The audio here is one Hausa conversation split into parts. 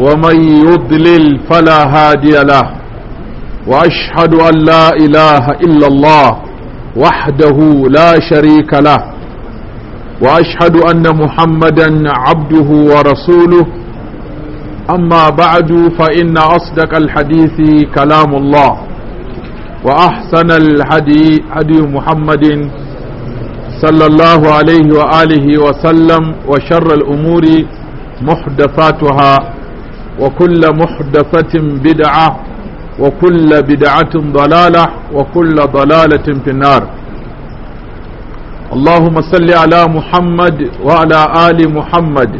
ومن يضلل فلا هادي له وأشهد أن لا إله إلا الله وحده لا شريك له وأشهد أن محمدا عبده ورسوله أما بعد فإن أصدق الحديث كلام الله وأحسن الهدي هدي محمد صلى الله عليه وآله وسلم وشر الأمور محدثاتها وكل محدثة بدعة وكل بدعة ضلالة وكل ضلالة في النار اللهم صل على محمد وعلى آل محمد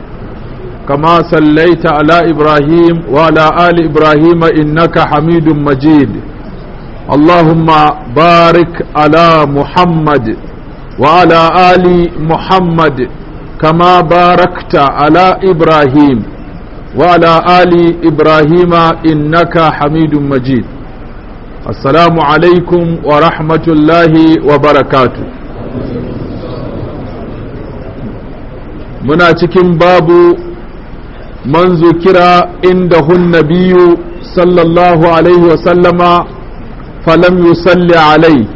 كما صليت على إبراهيم وعلى آل إبراهيم إنك حميد مجيد اللهم بارك على محمد وعلى آل محمد كما باركت على إبراهيم وعلى آل إبراهيم إنك حميد مجيد السلام عليكم ورحمة الله وبركاته منا cikin babu man zukira inda hun nabiyu sallallahu alaihi wasallama falam yusalli alai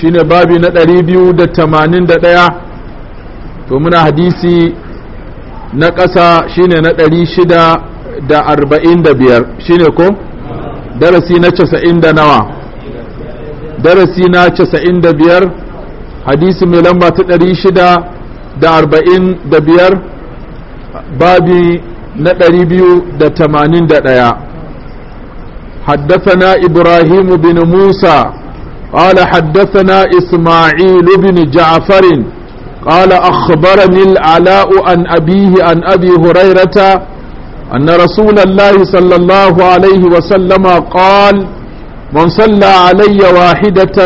shine babi na 281 to muna hadisi na ƙasa shine na ɗari shida da arba'in da biyar shine ko darasi na casa'in da nawa darasi na casa'in da biyar hadisi mai lamba ta ɗari shida da arba'in da biyar babi na ɗari biyu da tamanin da ɗaya حدثنا إبراهيم بن موسى قال حدثنا إسماعيل بن جعفر قال أخبرني العلاء عن أبيه عن أبي هريرة أن رسول الله صلى الله عليه وسلم قال من صلى علي واحدة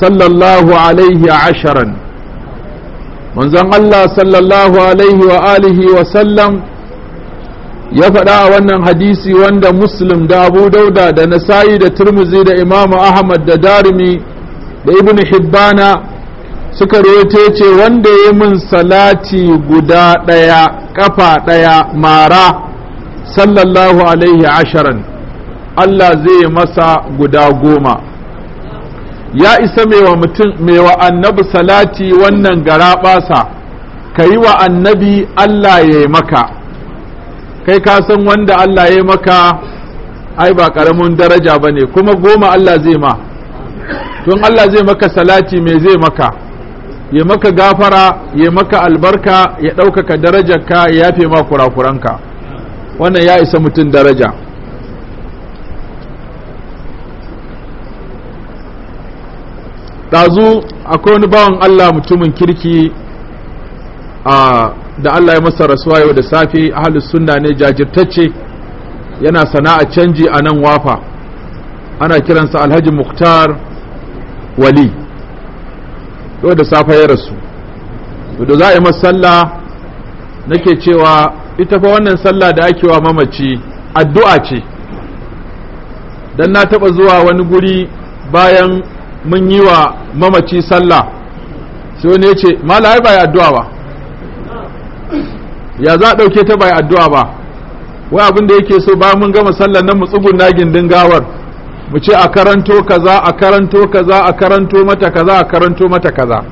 صلى الله عليه عشرا من زن الله صلى الله عليه وآله وسلم ya faɗa a wannan hadisi wanda muslim da abu dauda da nasa'i da turmuzi da imamu ahmad da darimi da ibn hibbana suka rote ce wanda ya min salati guda ɗaya ƙafa ɗaya mara sallallahu alaihi asharan Allah zai masa guda goma ya isa mewa mutum mewa annabi salati wannan gara ɓasa ka yi wa annabi Allah ya yi maka kai ka san wanda Allah ya yi maka ai ba ƙaramin daraja ba ne kuma goma Allah zai ma tun Allah zai maka salati me zai maka ya maka gafara ya maka albarka ya ɗaukaka darajarka ya yafe ma kurakuranka wannan ya isa mutum daraja ɗazu akwai wani bawan Allah mutumin kirki a da Allah ya masa rasuwa yau da safe ahalus sunna ne jajirtacce yana sana'a canji a nan wafa ana kiransa alhaji muktar wali yau da safe ya rasu da za a yi sallah nake cewa ita fa wannan sallah da ake wa mamaci addu'a ce dan na taba zuwa wani guri bayan mun yi wa mamaci sallah sai wani ya ce malai ba addu'a ba ya za a ɗauke ta bai addu'a ba wai abin da yake so bayan mun gama sallar nan mu tsugunna gindin gawar mu ce a karanto kaza a karanto kaza a karanto mata kaza a karanto mata kaza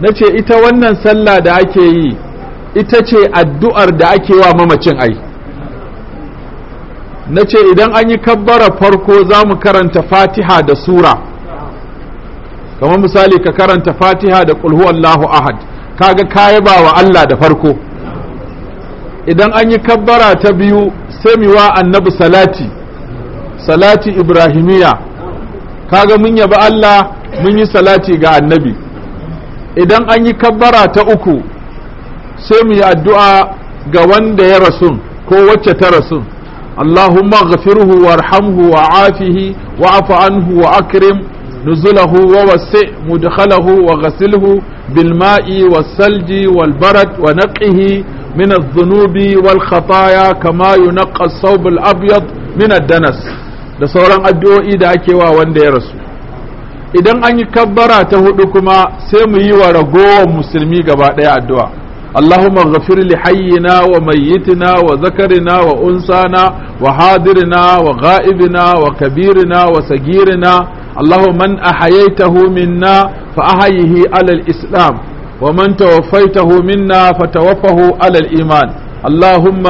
na ce ita wannan sallah da ake yi ita ce addu'ar da ake wa mamacin ai na ce idan an yi kabbara farko za mu karanta fatiha da sura kamar misali ka karanta fatiha da kulhu Allahu ahad kaga kayi ba wa Allah da farko idan an yi kabbara ta biyu sai wa annabi salati salati ibrahimiya kaga mun yabi Allah mun yi salati ga annabi idan an yi kabbara ta uku sai mu yi addu'a ga wanda ya rasu ko wacce ta rasu. Allahuma ghafirhu warhamhu wa afihi wa afu anhu wa akrim nuzulahu wa wasi mudkhalahu wa ghasilhu bil ma'i wal barad wa naqihi min adh-dhunubi kama yunqa as-sawb al-abyad min ad-danas da sauran addu’o’i da ake wa wanda ya rasu idan an yi kabbara ta hudu kuma sai mu yi wa ragowar musulmi gaba ɗaya addu’a allahumma ghafir li wa mayyitina wa zakarina wa na wa hadirina wa ga’ibina wa kabirina wa sagirina allahumma man a hayaitahu minna fa ahayihi alal islam wa man tawaffaitahu minna fa tawaffahu alal iman اللهم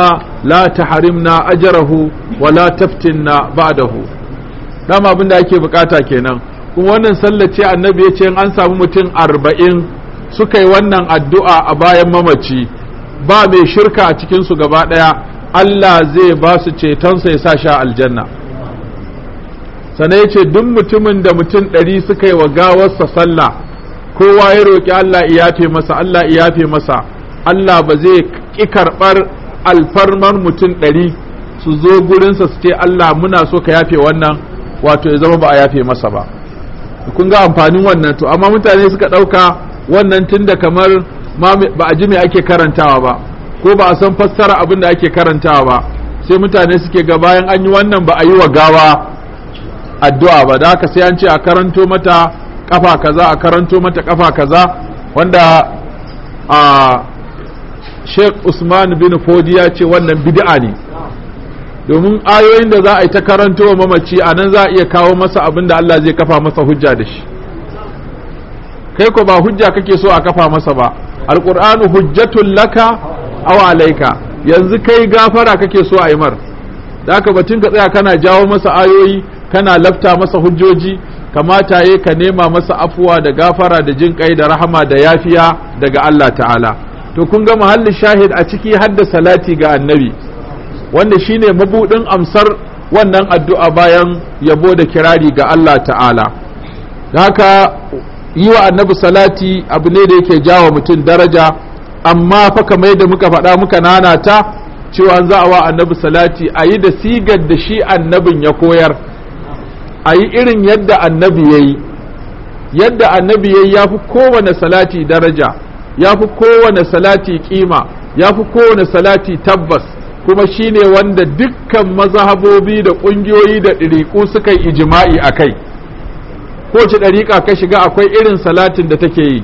لا تحرمنا na ولا تفتنا بعده dama abin da ake bukata kenan kuma wannan sallah ce annabi ya ce an samu mutum arba'in suka yi wannan addu'a a bayan mamaci ba mai shirka a cikinsu gaba ɗaya Allah zai ba su cetonsa ya sa sha aljanna sana ya ce duk mutumin da mutum ɗari suka yi wa gawarsa sallah kowa ya roƙi Allah iyafe masa Allah iyafe masa Allah ba zai ƙi karɓar alfarmar mutum ɗari su zo gurinsa su ce Allah muna so ka yafe wannan wato ya zama ba a yafe masa ba kun ga amfanin wannan to amma mutane suka ɗauka wannan tun da kamar ba a ji me ake karantawa ba ko ba a san fassara abin da ake karantawa ba sai mutane suke ga bayan an yi wannan ba a yi wa gawa addu'a ba da haka sai an ce a karanto mata kafa kaza a karanto mata kafa kaza wanda sheikh usman bin fodi ya ce wannan bid'a ne domin ayoyin da za a yi ta karanto wa mamaci a nan za a iya kawo masa abin da Allah zai kafa masa hujja da shi kai ko ba hujja kake so a kafa masa ba alqur'anu hujjatul laka aw alayka yanzu kai gafara kake so a yi mar da haka batun ka tsaya kana jawo masa ayoyi kana lafta masa hujjoji kamata yi ka nema masa afuwa da gafara da jin kai da rahama da yafiya daga Allah ta'ala to kun ga mahallin shahid a ciki hadda salati ga annabi wanda shine mabudin amsar wannan addu'a bayan yabo da kirari ga Allah ta'ala haka yi wa annabi salati abu ne da yake jawa mutum daraja amma fa kamar yadda muka faɗa muka nana ta cewa za a wa annabi salati a yi da sigar da shi annabin ya koyar a yi irin yadda annabi ya yi yadda annabi ya yi ya fi kowane salati daraja ya fi kowane salati kima ya fi kowane salati tabbas kuma shi ne wanda dukkan mazahabobi da ƙungiyoyi da ɗiriƙu suka yi ijima'i a kai kowace ɗariƙa ka shiga akwai irin salatin da take yi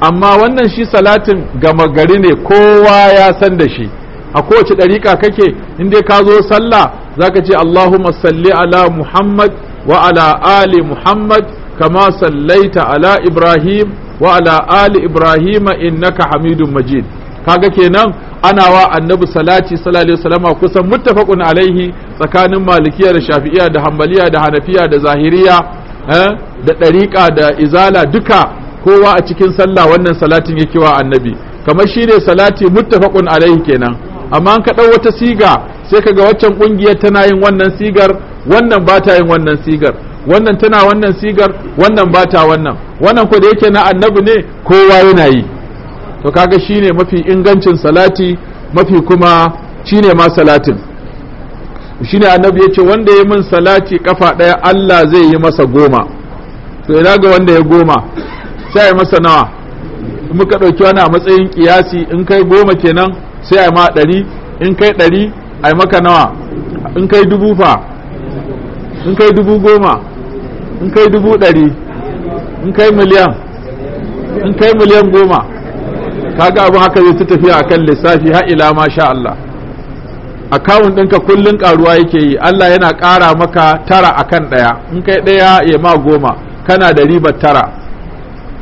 amma wannan shi salatin gama gari ne kowa ya san da shi a kowace ɗariƙa kake in dai ka zo sallah ka ce Allahumma salli ala Muhammad wa ala ali Muhammad kama sallaita ala ibrahim wa ala ali ibrahim innaka hamidu majid kaga kenan ana wa annabi salati sallallahu alaihi wasallama kusan muttafaqun alaihi tsakanin malikiya da da hanbaliya da hanafiya da zahiriya da ɗariƙa da izala duka kowa a cikin sallah wannan salatin yake wa annabi kamar shi ne salati muttafaqun alaihi kenan amma an ka ɗau wata siga sai kaga waccan ƙungiyar tana yin wannan sigar wannan ba ta yin wannan sigar wannan tana wannan sigar wannan bata wannan wannan ko da yake na annabi ne kowa yana yi to kaga shine mafi ingancin salati mafi kuma shine ma salatin shine annabi yace wanda ya min salati kafa daya Allah zai yi masa goma to ina ga wanda ya goma sai ya masa nawa muka ɗauki wani a matsayin kiyasi in kai goma kenan sai a ma ɗari in kai ɗari a maka nawa in kai dubu fa in kai dubu goma in kai dubu ɗari in kai miliyan in kai miliyan goma kaga abin haka zai ta tafiya a kan lissafi ha ila masha Allah akawun ɗinka kullum ƙaruwa yake yi Allah yana ƙara maka tara a kan ɗaya in kai ɗaya ya ma goma kana da ribar tara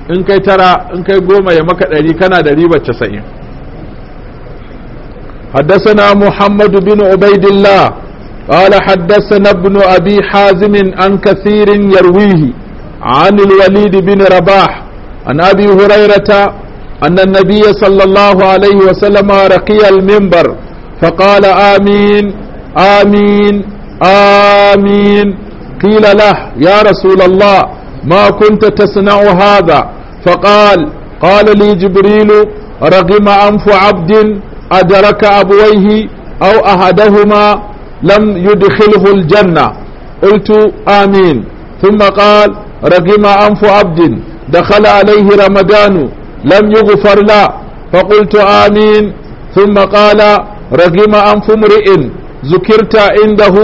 in kai tara in kai goma ya maka ɗari kana da ribar casa'in حدثنا محمد بن عبيد الله قال حدثنا ابن أبي حازم عن كثير يرويه عن الوليد بن رباح عن أبي هريرة أن النبي صلى الله عليه وسلم رقي المنبر فقال آمين آمين آمين قيل له يا رسول الله ما كنت تصنع هذا فقال قال لي جبريل رغم أنف عبد أدرك أبويه أو أحدهما لم يدخله الجنة قلت آمين ثم قال رقم أنف عبد دخل عليه رمضان لم يغفر له فقلت آمين ثم قال رقم أنف امرئ ذكرت عنده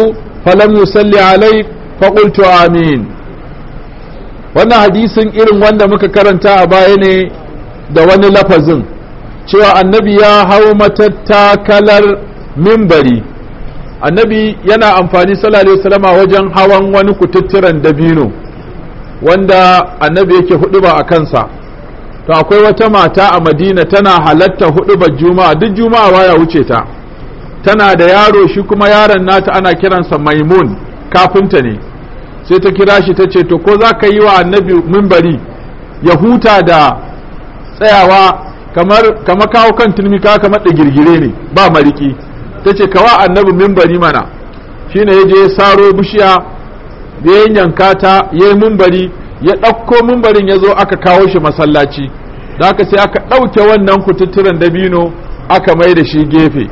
فلم يصلي عليك فقلت آمين wannan hadisin irin wanda muka karanta a baya ne da wani lafazin cewa annabi ya hau matattakalar mimbari annabi yana amfani sallallahu alaihi wasallama wajen hawan wani kututturan dabino wanda annabi yake huduba a kansa to akwai wata mata a madina tana halatta huduba juma'a duk juma'a waya wuce ta tana da yaro shi kuma yaron nata ana kiransa maimun kafinta ne sai ta kira shi ta ce to ko za ka yi wa annabi mimbari ya huta da tsayawa kamar kama kawo kan turmi kamar da girgire ne ba mariki ta ce kawa annabi mimbari mana shine yaje ya saro bishiya da ya yanka ta ya yi mimbari ya ɗauko mimbarin ya zo aka kawo shi masallaci da aka sai aka ɗauke wannan kututturen dabino aka mai da shi gefe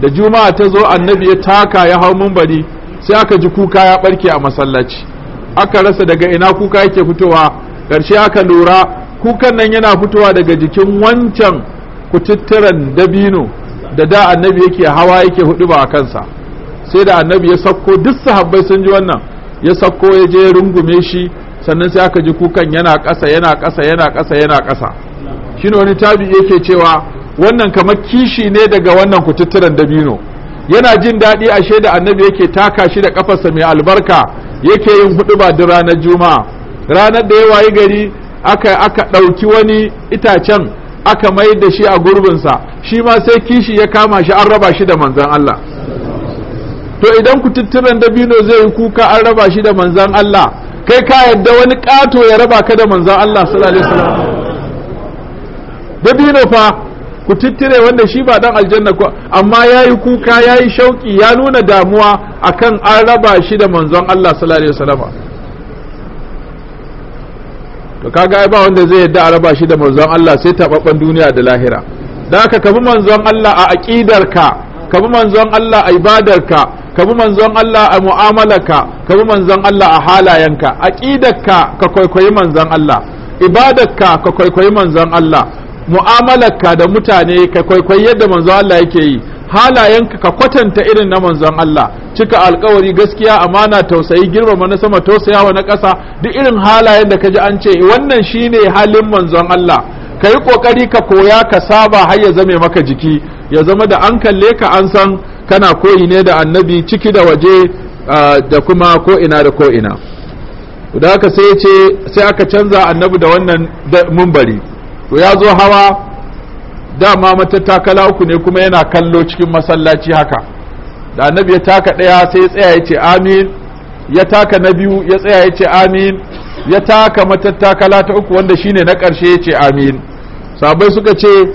da juma'a ta zo annabi ya taka ya hau mimbari sai aka ji kuka ya ɓarke a masallaci aka rasa daga ina kuka yake fitowa ƙarshe aka lura kukan nan yana fitowa daga jikin wancan kututturen dabino da da annabi yake hawa yake hudu ba a kansa sai da annabi ya sakko duk sahabbai sun ji wannan ya sakko ya je ya rungume shi sannan sai aka ji kukan yana ƙasa yana ƙasa yana ƙasa yana ƙasa shine wani tabi yake cewa wannan kamar kishi ne daga wannan kututturen dabino yana jin daɗi ashe da annabi yake taka shi da kafarsa mai albarka yake yin hudu ba duk ranar juma'a ranar da ya wayi gari aka aka ɗauki wani itacen aka mai da shi a gurbinsa shi ma sai kishi ya kama shi an raba shi da manzan Allah to idan ku da dabino zai yi kuka an raba shi da manzan Allah kai ka yadda wani kato ya raba ka da manzan Allah sallallahu alaihi dabino fa ku tattare wanda shi ba dan aljanna ko amma yayi kuka yayi shauki ya nuna damuwa akan an raba shi da manzon Allah sallallahu alaihi wasallam to kaga ai ba wanda zai yadda a raba shi da manzon Allah sai tababban duniya da lahira da haka kabi manzon Allah a aqidarka kabi manzon Allah a ibadarka kabi manzon Allah a mu'amalarka kabi manzon Allah a halayenka aqidarka ka kwaikwayi manzon Allah ibadarka ka kwaikwayi manzon Allah mu'amalarka da mutane ka kwaikwayi yadda manzon Allah yake yi halayenka ka kwatanta irin na manzon Allah cika alkawari gaskiya amana tausayi girmama na sama tausayawa na ƙasa duk irin halayen da ka ji an ce wannan shine halin manzon Allah ka yi ƙoƙari ka koya ka saba har ya zame maka jiki ya zama da an kalle ka an san kana koyi ne da annabi ciki da waje da kuma ko ina da ko ina da haka sai ce sai aka canza annabi da wannan mumbari to ya zo hawa dama mata takala uku ne kuma yana kallo cikin masallaci haka da annabi ya taka daya sai ya tsaya ya ce amin ya taka na biyu ya tsaya ya ce amin ya taka matattakala ta uku wanda shine na ƙarshe ya amin sabai suka ce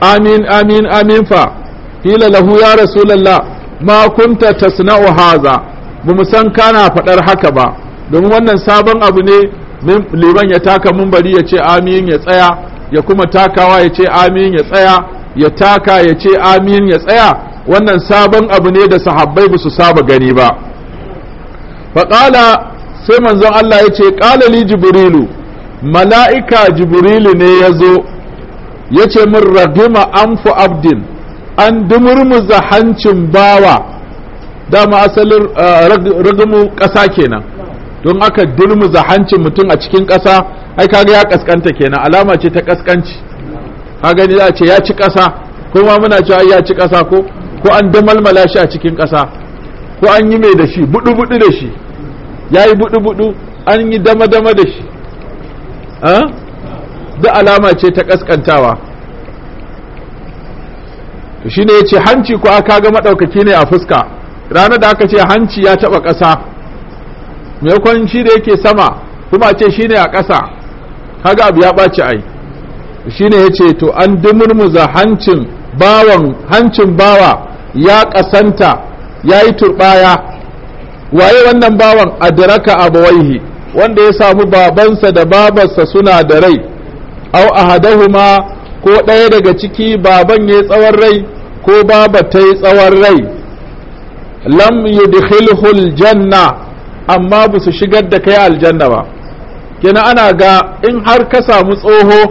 amin amin amin fa hila lahu ya rasulallah ma kunta tasna'u haza ba mu san kana faɗar haka ba domin wannan sabon abu ne liban ya taka mun bari ya amin ya tsaya ya kuma takawa ya ce amin ya tsaya ya taka ya ce amin ya tsaya wannan sabon abu ne da sahabbai ba su saba gani ba faƙala sai manzon Allah ya ce ƙalali jibrilu mala'ika jibrilu ne ya zo ya ce min ragima anfu abdin an dumurmuza hancin bawa dama asalin eh, ragimu ƙasa kenan don aka durmuza hancin mutum a cikin ƙasa ai kaga ya kaskanta kenan alama ce ta kaskanci ka gani za a ce ya ci kasa. ko ma muna cewa ya ci kasa ko ko an damalmala shi a cikin kasa. ko an yi mai da shi budu budu da shi ya yi budu budu an yi dama dama da shi da alama ce ta kaskantawa to shine ya hanci ko aka ga maɗaukaki ne a fuska ranar da aka ce hanci ya taɓa ƙasa mai shi da yake sama kuma ce shi ne a ƙasa kaga abu ya ɓaci ai shine ce to an dumurmuza hancin bawan hancin bawa ya kasanta ya yi turɓaya waye wannan bawan adraka abawaihi wanda ya samu babansa da babarsa suna da rai au ahadahuma ko ɗaya daga ciki baban ya tsawon rai ko baba ta yi tsawon rai lam yudkhilhul janna amma ba su shigar da kai aljanna ba kenan ana ga in har ka samu tsoho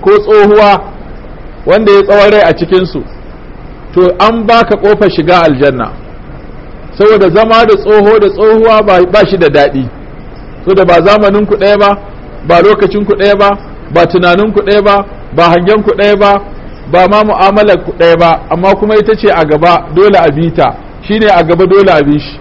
ko tsohuwa wanda ya tsawon rai a cikinsu to an baka ƙofar shiga aljanna saboda zama da tsoho da tsohuwa ba shi da daɗi so ba zamanin ku ɗaya ba ba lokacin ku ɗaya ba ba tunanin ku ɗaya ba ba hangen ku ɗaya ba ba ma mu'amalar ku ɗaya ba amma kuma ita ce a gaba dole a bita shine a gaba dole a bi shi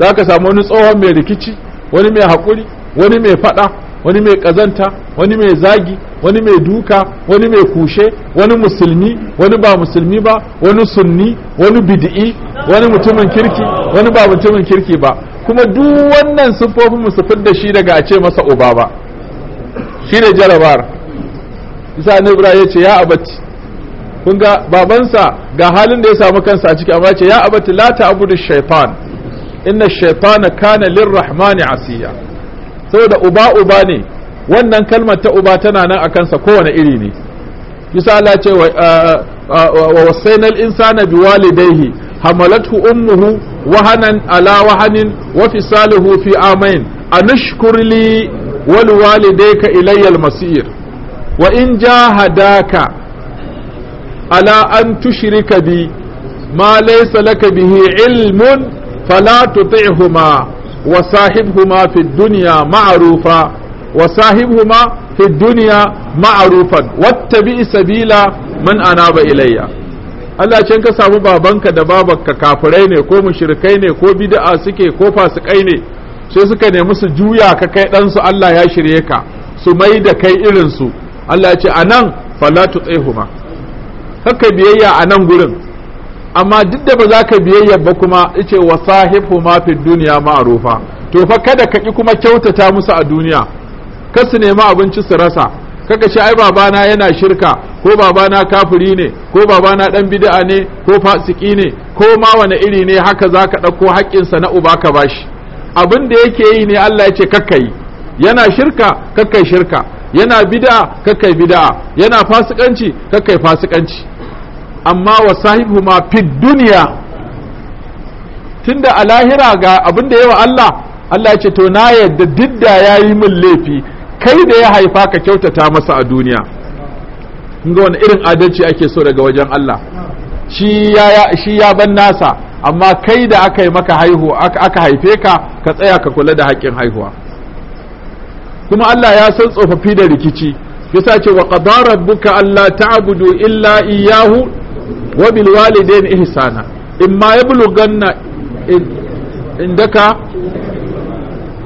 za ka samu wani tsohon mai rikici wani mai haƙuri wani mai faɗa wani mai ƙazanta wani mai zagi wani mai duka wani mai kushe wani musulmi wani ba musulmi ba wani sunni wani bid'i wani mutumin kirki wani ba mutumin kirki ba kuma duk wannan siffofin musufin da shi daga a ce masa uba ba shi ne jarabar isa nubra ya ce ya abati kun ga babansa ga halin da ya samu kansa a ciki amma ce ya abati la da shaitan inna shaitana kana lirrahmani asiya saboda uba uba ne wannan kalmar ta uba tana nan a kansa kowane iri ne bisa Allah ce wa wasainal insana biwalidayhi hamalathu ummuhu wahanan ala wahanin wa fisaluhu fi amain anushkur li wa liwalidayka ilayya almasir wa in jahadaka ala an tushrika bi ma laysa laka bihi ilmun fala tuti'huma وصاحبهما في fi معروفا وصاحبهما في الدنيا معروفا واتبع ma'rufan من sabila man anaba ilayya Allah can ka samu babanka da babanka kafirai ne ko mushrikai ne ko bid'a suke ko fasikai ne sai suka nemi su juya ka kai ɗansu Allah ya shirye ka su mai da kai irinsu Allah ya ce a nan fala tutsihuma kakka biyayya a nan gurin amma duk da ba za ka biyayya ba kuma yace wa sahibu ma fi duniya ma'rufa to fa kada ka ki kuma kyautata musu a duniya ka su nemi abinci su rasa kaka ce ai babana yana shirka ko babana kafiri ne ko babana dan bid'a ne ko fasiki ne ko ma wani iri ne haka zaka ɗauko haƙƙinsa na uba ka bashi abin da yake yi ne Allah ya ce kakkai yana shirka kakkai shirka yana bid'a kakkai bid'a yana fasikanci kakkai fasikanci amma wa sahibu ma fi duniya tunda a lahira ga abin da yawa Allah Allah ce to na yadda didda ya yi min laifi kai da ya haifa ka kyautata masa a duniya ga wani irin adalci ake so daga wajen Allah shi ya ban nasa amma kai da aka yi maka haihu aka haife ka ka tsaya ka kula da haƙƙin haihuwa kuma Allah ya san tsofaffi da rikici yasa ce wa qadara rabbuka alla ta'budu illa iyyahu wa bil walidain ihsana in ma yablughanna indaka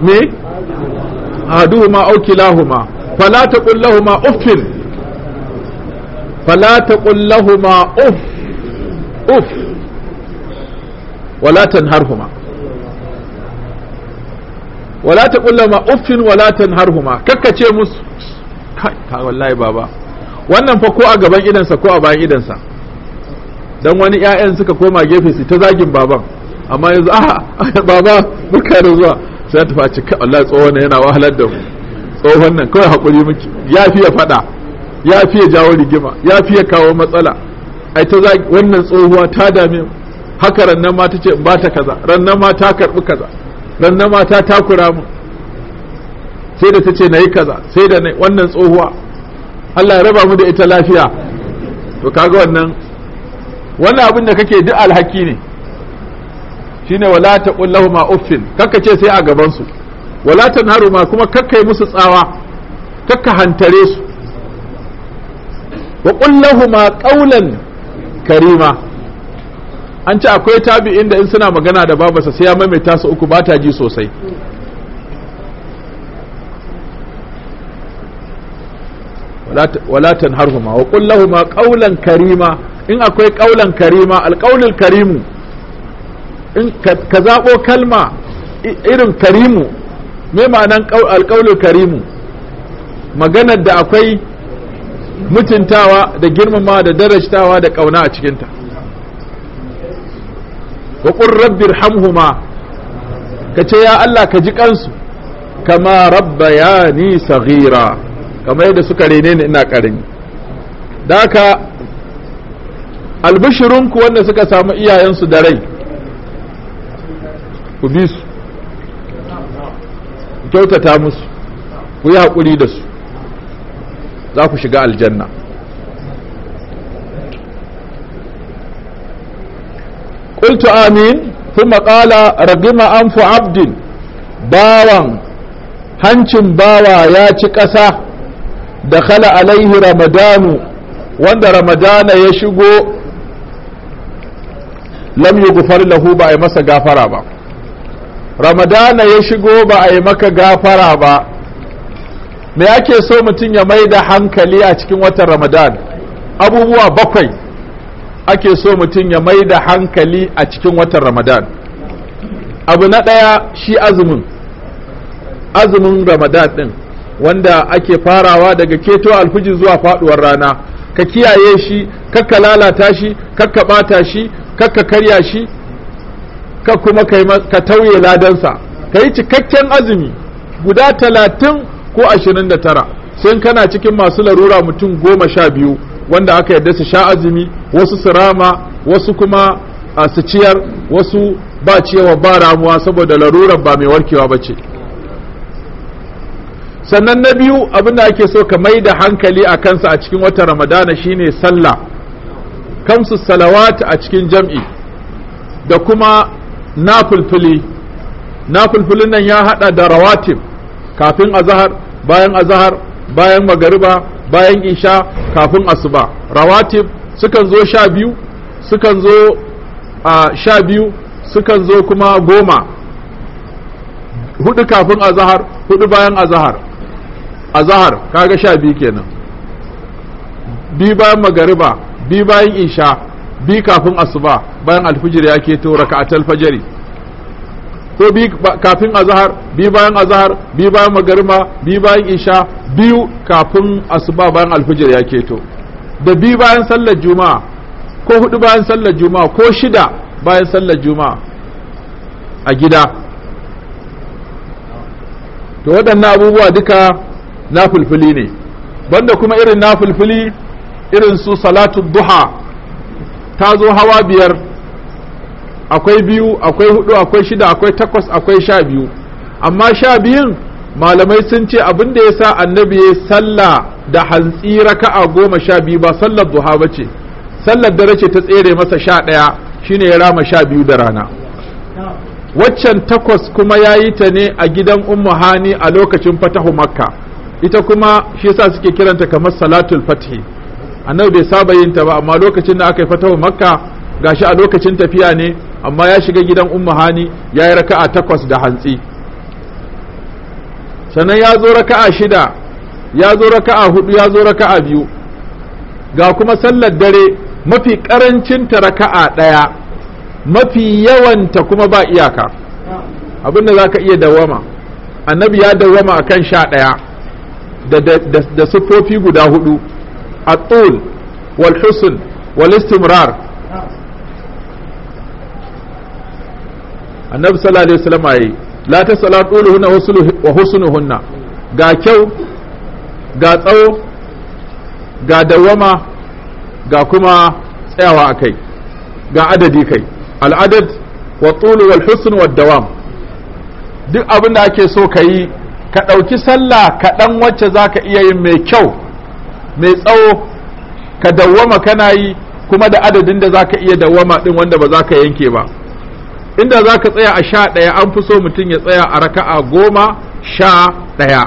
me ahaduhuma aw kilahuma fala taqul lahumu uffin fala taqul lahumu uff uff wala tanharhuma wala taqul lahumu uffin wala tanharhuma kakkace musu kai wallahi baba wannan fa ko a gaban idansa ko a bayan idansa dan wani ƴaƴan suka koma gefe su ta zagin baban amma yanzu a baba muka da zuwa sai ta faci ka Allah tsohon yana wahalar da mu tsohon nan kawai hakuri miki ya fiye fada ya fiye jawo rigima ya fiye kawo matsala ai ta zagi wannan tsohuwa ta dame haka rannan ma ta ce in ta kaza rannan ma ta karbi kaza rannan ma ta takura mu sai da ta ce nayi kaza sai da wannan tsohuwa Allah ya raba mu da ita lafiya to kaga wannan wannan abin da kake duk alhaki ne shine wala taqul ma uffin kakka ce sai a gaban su wala tanharu ma kuma kakkai musu tsawa kakka hantare su wa qul ma qawlan karima an ce akwai tabi'in da in suna magana da babarsa sai ya maimaita su uku ba ta ji sosai wala tanharhuma wa qul ma qawlan karima in akwai ƙaulan karima alƙaunin karimu in ka zaɓo kalma irin karimu me ma'anan alƙaunin karimu maganar da akwai mutuntawa da girmama da darajtawa da ƙauna a cikinta wa ƙun rabbir hamhuma ka ce ya Allah ka ji kansu kama rabba ya ni saghira kamar yadda suka rene ni ina ƙarami da albishirunku wanda suka samu iyayensu da rai ku bi su kyautata musu ku yi haƙuri da su za ku shiga aljanna amin Amin maƙala ragima an fi Abdin. Bawan hancin bawa ya ci ƙasa da kala alaihi ramadanu wanda ramadana ya shigo lam gufar lahu ba a yi masa gafara ba ramadana ya shigo ba a yi maka gafara ba me ake so mutum ya mai da hankali a cikin watan ramadan abubuwa bakwai ake so mutum ya mai da hankali a cikin watan ramadan abu na ɗaya shi azumin azumin ramadan ɗin wanda ake farawa daga keto alfijir zuwa faɗuwar rana ka kiyaye shi kakka lalata shi kakka ɓata shi kakka karya shi ka kuma ka tauye ladansa ka yi cikakken azumi guda talatin ko ashirin da tara sai kana cikin masu larura mutum goma sha biyu wanda aka yarda su sha azumi wasu su rama wasu kuma a su ciyar wasu ba ciyawa ba ramuwa saboda larurar ba mai warkewa ba ce sannan na biyu abinda ake so ka mai da hankali a kansa a cikin wata ramadana shine sallah kamsu salawat a cikin jam'i da kuma nafulfuli nafulfulin nan ya hada da rawatib kafin azahar bayan azahar bayan magariba bayan isha kafin asuba rawatib sukan zo sha biyu sukan zo a sha biyu sukan zo kuma goma hudu kafin azahar hudu bayan azahar azahar kaga sha biyu kenan biyu bayan magariba bi bayan isha bi kafin asuba bayan alfijir ya keto raka'atul fajri ko bi kafin azhar bi bayan azhar bi bayan magarma bi bayan isha biyu kafin asuba bayan alfijir ya keto da bi bayan sallar juma'a ko hudu bayan sallar juma'a ko shida bayan sallar juma'a a gida to waɗannan abubuwa duka na fulfuli ne banda kuma irin na fulfuli irin su salatu duha ta zo hawa biyar akwai biyu akwai hudu akwai shida akwai takwas akwai sha biyu amma sha biyun malamai sun ce abin da ya sa annabi ya sallah da hantsi raka'a goma sha biyu ba sallar duha ba ce sallar da ce ta tsere masa sha ɗaya shine ya rama sha biyu da rana waccan takwas kuma ya yi ta ne a gidan ummu hani a lokacin fatahu makka ita kuma shi yasa suke kiranta kamar salatul fatih. annabi bai saba yin ta ba amma lokacin da aka yi fatawa makka gashi a lokacin tafiya ne amma ya shiga gidan umma hani ya yi raka'a takwas da hantsi sannan ya zo raka'a shida ya zo raka'a hudu ya zo raka'a biyu ga kuma sallar dare mafi karancin ta raka'a daya mafi yawanta kuma ba iyaka abinda za ka iya dawama annabi ya dawama akan sha ɗaya da, da, siffofi guda hudu الطول والحسن والاستمرار النبي صلى الله عليه وسلم la لا tuluhunna ga kyau ga tsawo ga dawama ga kuma tsayawa akai ga adadi kai al'adad wa tulu wal duk abin da ake so ka yi ka ɗauki sallah kaɗan wacce za ka iya yin mai kyau mai tsawo ka dawwama kana yi kuma da adadin da zaka iya dawwama din wanda ba zaka yanke ba inda zaka tsaya a sha ɗaya an fi so mutum ya tsaya a raka'a goma sha ɗaya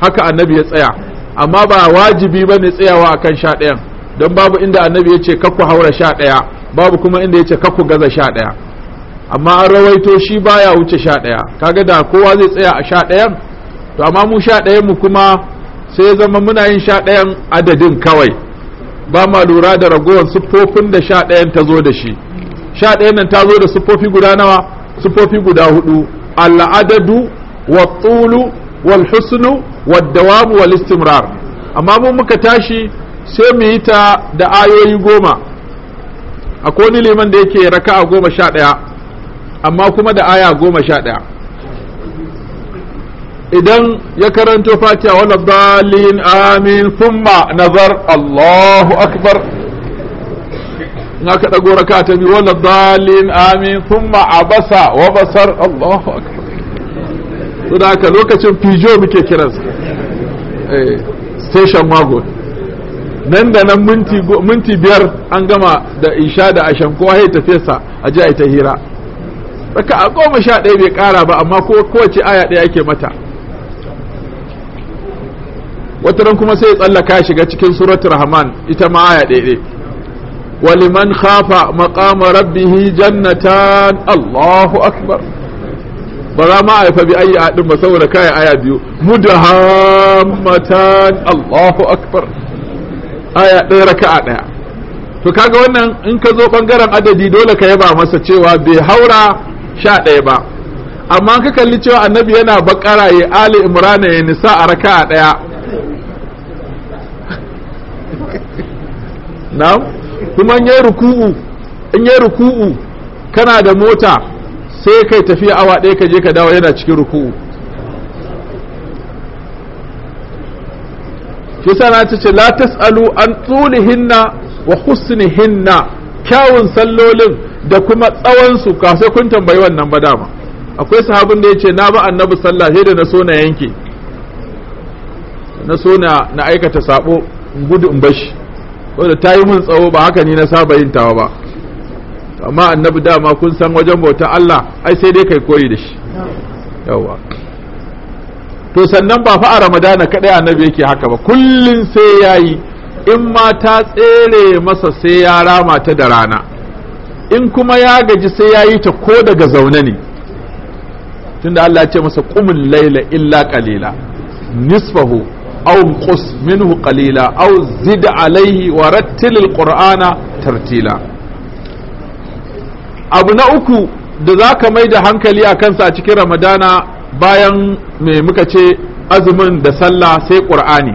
haka annabi ya tsaya amma ba wajibi ba ne tsayawa a kan sha ɗayan don babu inda annabi ya ce kakku haura sha ɗaya babu kuma inda ya ce kakku gaza sha ɗaya amma an rawaito shi baya wuce sha ɗaya kaga da kowa zai tsaya a sha ɗayan to amma mu sha ɗayan mu kuma sai zama muna yin sha ɗayan adadin kawai ba ma lura da ragowar siffofin da sha ɗayan ta zo da shi sha ɗayan nan ta zo da siffofi guda nawa siffofi guda hudu al'adadu wa tsulu wal husnu wa dawamu wal istimrar amma mun muka tashi sai mu yi ta da ayoyi goma akwai wani liman da yake raka'a goma sha ɗaya amma kuma da aya goma sha ɗaya idan ya karanto fatiha wala dalin amin thumma nazar Allahu akbar na ka dago raka ta biyu wala dalin amin thumma abasa wa basar Allahu akbar to da haka lokacin fijo muke kiransa eh station mago nan da nan minti minti biyar an gama da isha da ashan ko ya tafesa a ji ai ta hira raka a goma sha ɗaya bai ƙara ba amma ko kowace aya ɗaya ake mata wata ran kuma sai ya tsallaka shiga cikin suratul rahman ita ma aya ɗaya waliman khafa maqama rabbihi jannatan allahu akbar ba za ma haifa bi ayi adin ba saboda kai aya biyu mudahammatan allahu akbar aya ɗaya raka'a ɗaya to kaga wannan in ka zo bangaren adadi dole ka yaba masa cewa bai haura sha ɗaya ba amma ka kalli cewa annabi yana bakara ya ali imrana ya nisa a raka'a ɗaya na kuma in ruku'u in ruku'u kana da mota sai kai tafiya awa ɗaya ka je ka dawo yana cikin ruku'u shi sana ta ce la tas'alu an tulihinna wa husnihinna kyawun sallolin da kuma tsawonsu ka sai kun tambayi wannan ba dama akwai sahabin da ya ce na ba annabi sallah sai da na so na yanke na so na aikata sabo in gudu in bashi wadda ta yi mun tsawo ba haka ni na saba yin tawa ba amma annabi dama kun san wajen bauta Allah ai sai dai kai koyi da shi yawa to sannan ba fa a ramadana kadai annabi yake haka ba kullun sai yayi in mata tsere masa sai ya rama ta da rana in kuma ya gaji sai yayi ta ko daga zaune ne tunda Allah ya ce masa qumul laila illa qalila nisfahu aw qus minhu qalila aw zid wa rattil alqur'ana tartila abu na uku da zaka mai da hankali a kansa a cikin ramadana bayan me muka ce azumin da sallah sai qur'ani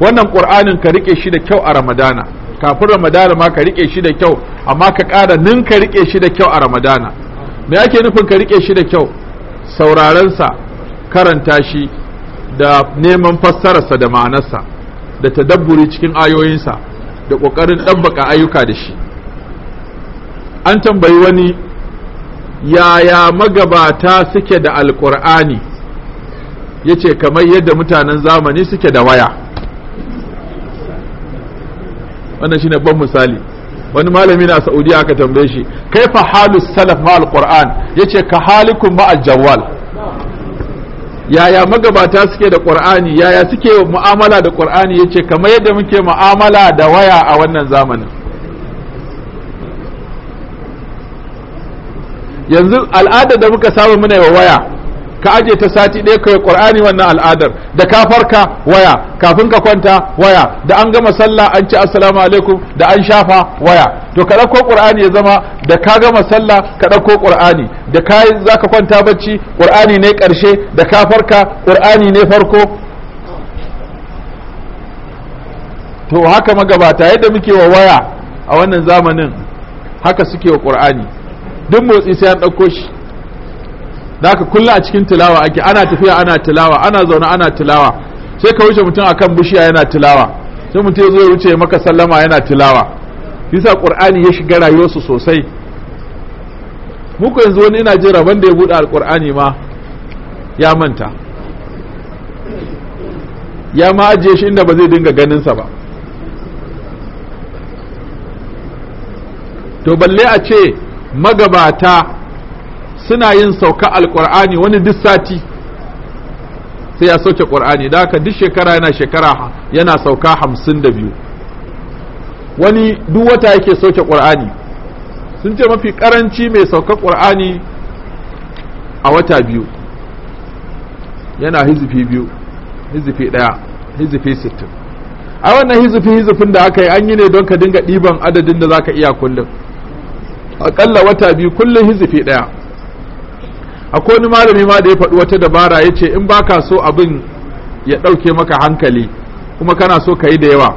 wannan qur'anin ka rike shi da kyau a ramadana kafin ramadana ma ka rike shi da kyau amma ka ƙara nin ka rike shi da kyau a ramadana me ake nufin ka rike shi da kyau saurarensa karanta shi da neman fassararsa da ma'anarsa da tadabburi cikin ayoyinsa da ƙoƙarin ɗabbaka ayyuka da shi an tambayi wani yaya magabata suke da alƙur'ani ya ce kamar yadda mutanen zamani suke da waya wannan shine ban misali wani malami na saudiya aka tambaye shi kai fa halus salaf ma alquran yace ka halikum ma aljawal yaya magabata suke da qur'ani yaya suke mu'amala da qur'ani yace kamar yadda muke mu'amala da waya a wannan zamanin yanzu al'ada da muka saba muna wa waya ka aje ta sati ɗaya kai qur'ani wannan al'adar da ka farka waya kafin ka kwanta waya da an gama sallah an ci assalamu alaikum da an shafa waya to ka ɗauko qur'ani ya zama da ka gama sallah ka ɗauko ƙur'ani da ka zaka kwanta bacci qur'ani ne ƙarshe da ka farka qur'ani ne farko to haka magabata yadda muke wa waya a wannan zamanin haka suke wa ƙur'ani duk motsi sai an ɗauko shi da haka kullum a cikin tilawa ake ana tafiya ana tilawa ana zaune ana tilawa sai ka wuce mutum akan bishiya yana tilawa sai mutum zai wuce maka sallama yana tilawa bisa qur'ani ya shiga rayuwarsu sosai muku yanzu wani ina jin rabon ya buɗe alqur'ani ma ya manta ya ma ajiye shi inda ba zai dinga ganinsa ba to balle a ce magabata suna yin sauka alkur'ani wani duk sati sai ya sauke ƙur'ani da haka duk shekara yana shekara yana sauka hamsin da biyu wani duk wata yake sauke ƙur'ani sun ce mafi karanci mai sauka ƙur'ani a wata biyu yana hizifi biyu hizifi ɗaya hizifi sittin a wannan hizifi hizifin da aka yi an yi ne don ka dinga ɗiban adadin da za ka iya kullum aƙalla wata biyu kullum hizifi ɗaya akwai wani malami ma da ya faɗi wata dabara ya ce in baka so abin ya ɗauke maka hankali kuma kana so ka yi da yawa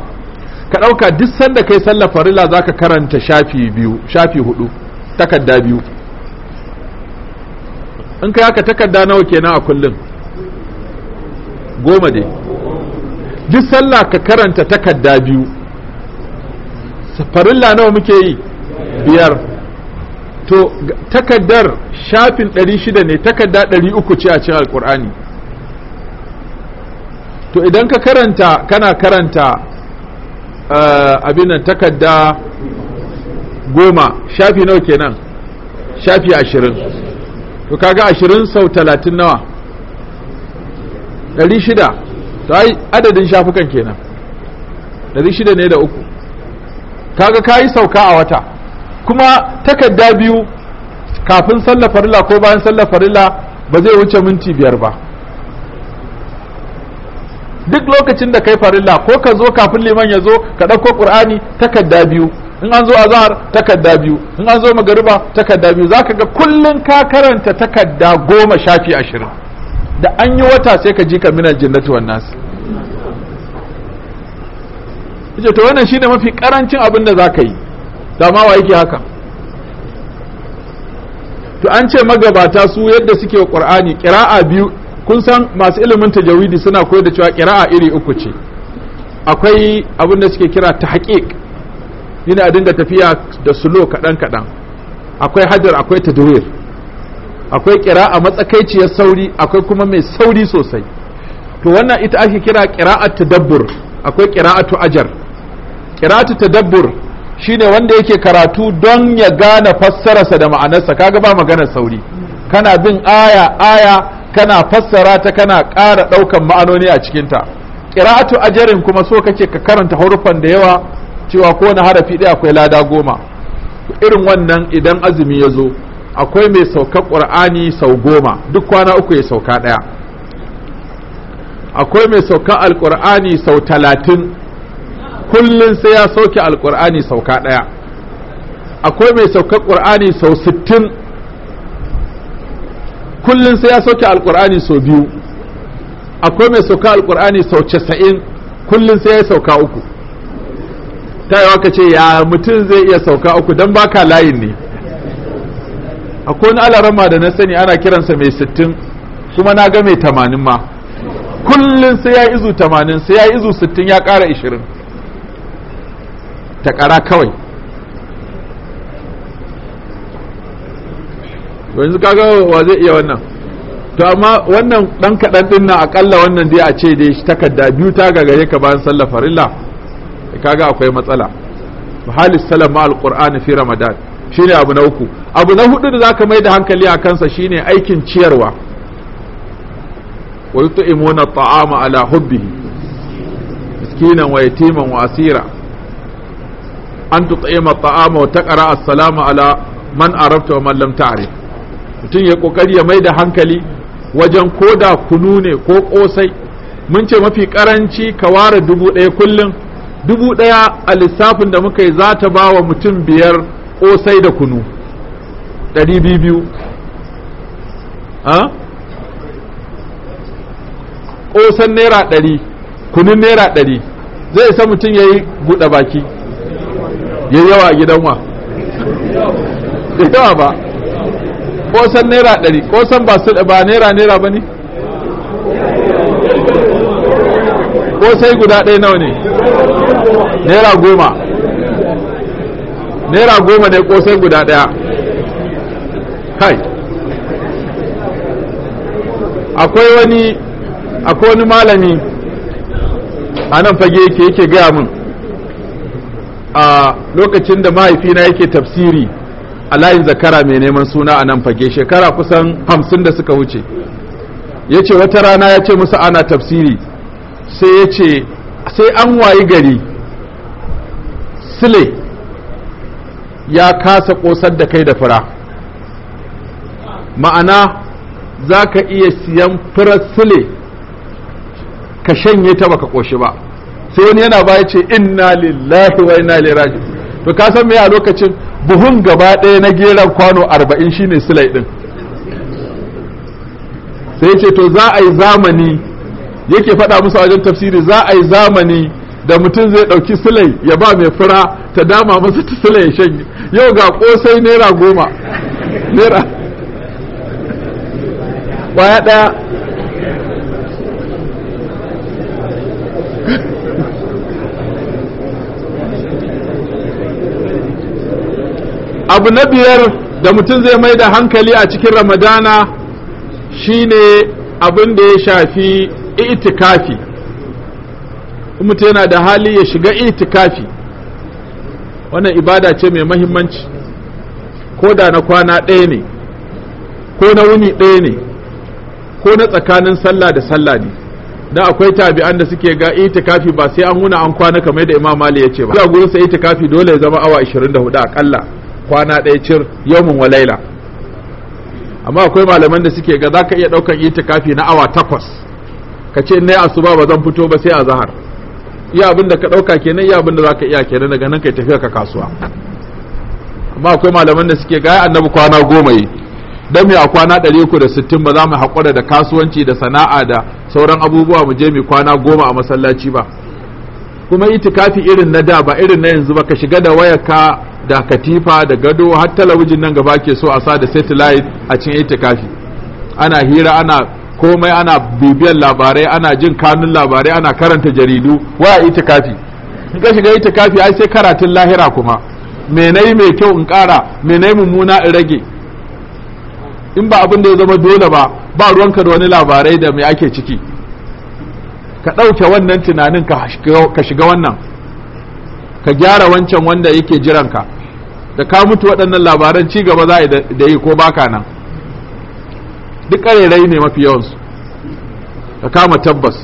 ka ɗauka duk sanda kai sallah farilla za ka karanta shafi biyu shafi hudu takarda biyu in ka haka takarda nawa kenan a kullum goma dai duk sallah ka karanta takarda biyu farilla nawa muke yi biyar to takaddar shafin 600 ne takadda 300 ce a cikin Alƙur'ani to idan ka karanta kana karanta eh, abin nan takadda goma shafi nawa kenan shafi ashirin to kaga ashirin sau talatin nawa ɗari shida to ai adadin shafukan kenan ɗari shida ne da uku kaga yi sauka a wata kuma takarda biyu kafin sallar farilla ko bayan sallar farilla ba zai wuce minti biyar ba duk lokacin da kai farilla ko ka zo kafin liman ya zo ka ɗauko ƙur'ani takarda biyu in an zo azhar takarda biyu in an zo magariba takarda biyu zaka ga kullun ka karanta takarda goma shafi ashirin da an yi wata sai ka ji ka mina jannatu wan nas to wannan shine mafi karancin abin da zaka yi dama wa yake haka to an ce magabata su yadda suke wa qur'ani qira'a biyu kun san masu ilimin tajawidi suna koyar da cewa qira'a iri uku ce akwai abin da suke kira tahqiq yana dinga tafiya da sulo kaɗan kaɗan akwai hajar akwai tadwir akwai ƙira'a matsakaiciyar sauri akwai kuma mai sauri sosai to wannan ita ake kira qira'at tadabbur akwai qira'atu ajar qira'atu tadabbur shine wanda yake karatu don ya gane fassararsa da ma'anarsa kaga ba maganar sauri kana bin aya aya kana fassara ta kana ƙara ɗaukan ma'anoni a cikinta ƙiratu ajarin kuma so kake ka karanta huruffan da yawa cewa ko na harafi ɗaya akwai lada goma irin wannan idan azumi ya zo akwai mai sauka ƙur'ani sau goma duk kwana uku ya sauka ɗaya akwai mai sauka alƙur'ani sau talatin kullum sai ya sauke alkur'ani sauka ɗaya akwai mai saukar ƙur'ani sau sittin kullum sai ya sauke alkur'ani sau biyu akwai mai sauka alkur'ani sau casa'in kullum sai ya sauka uku ta yawa ka ce ya mutum zai iya sauka uku don baka layin ne akwai wani alarama da na sani ana kiransa mai sittin kuma na ga mai tamanin ma kullum sai ya izu tamanin sai ya izu sittin ya ƙara ishirin ta ƙara kawai yanzu kaga wa zai iya wannan to amma wannan ɗan kaɗan ɗin na aƙalla wannan dai a ce dai takarda biyu ta gagare ka bayan sallah farilla kaga akwai matsala halis salama alƙur'ani fi ramadan shine abu na uku abu na hudu da zaka mai da hankali a kansa shine aikin ciyarwa wa yut'imuna at'ama ala hubbihi miskinan wa yatiman wa asira an tut'ima ta'ama wa taqra assalamu ala man arabta wa man lam ta'rif mutum ya kokari ya maida hankali wajen koda kunu ne ko kosai mun ce mafi karanci ka ware dubu ɗaya kullum dubu ɗaya a lissafin da muka yi za ta ba wa mutum biyar kosai da kunu ɗari biyu biyu ah? kosan naira ɗari kunun naira ɗari zai sa mutum ya yi buɗe baki ya yawa a gidan wa da yawa ba ko san naira ɗari ko san ba naira naira ba ne ko sai guda ɗaya nawa ne naira goma naira goma ne ko sai guda ɗaya kai akwai wani akwai wani malami a nan fage yake yake gaya mun. a lokacin da mahaifina yake tafsiri a layin zakara mai neman suna a nan fage shekara kusan hamsin da suka wuce ya ce wata rana ya ce musu ana tafsiri sai ya ce sai an wayi gari sile ya kasa ƙosar da kai da fura ma'ana za ka iya siyan fura sile ka shanye ta baka ƙoshi ba sai wani yana baya ce inna lillahi wa inna ilaihi to ka san me a lokacin buhun gaba ɗaya na geran kwano arba'in shine silai ɗin sai ce to za a yi zamani yake faɗa musu wajen tafsiri za a yi zamani da mutum zai ɗauki silai ya ba mai fura ta dama masa ta silai ya shanye yau ga ƙosai naira goma naira ƙwaya ɗaya abu na biyar da mutum zai mai da hankali a cikin ramadana shine abin da ya shafi itikafi mutum yana da hali ya shiga itikafi wannan ibada ce mai mahimmanci ko da na kwana ɗaya ne ko na wuni ɗaya ne ko na tsakanin sallah da sallah ne da akwai tabi'an da suke ga itikafi ba sai an wuna an kwana kamar da imam mali ya ce ba a gurin sa itikafi dole ya zama awa 24 akalla kwana ɗaya cir yawmin wa laila amma akwai malaman da suke ga zaka iya ɗaukan itikafi na awa takwas ka ce ne asuba ba zan fito ba sai a zahar iya abin da ka ɗauka kenan iya abin da zaka iya kenan daga nan kai tafiya ka kasuwa amma akwai malaman da suke ga annabi kwana goma yi dan mai a kwana 360 ba za mu haƙura da kasuwanci da sana'a da sauran abubuwa mu je mu kwana goma a masallaci ba kuma itikafi irin na da ba irin na yanzu ba ka shiga da wayarka da katifa da gado har talabijin nan gaba ke so a sa da satellite a cikin itikafi ana hira ana komai ana bibiyar labarai ana jin kanun labarai ana karanta jaridu waya itikafi in ka shiga itikafi ai sai karatun lahira kuma me mai kyau in kara menai mummuna in rage in ba abin da ya zama dole ba ba ruwanka da wani labarai da mai ake ciki ka ɗauke wannan tunanin ka shiga wannan ka gyara wancan wanda yake jiranka da ka mutu waɗannan labaran ci gaba za da yi ko baka nan duk ƙarerai ne mafi yawansu ka kama tabbas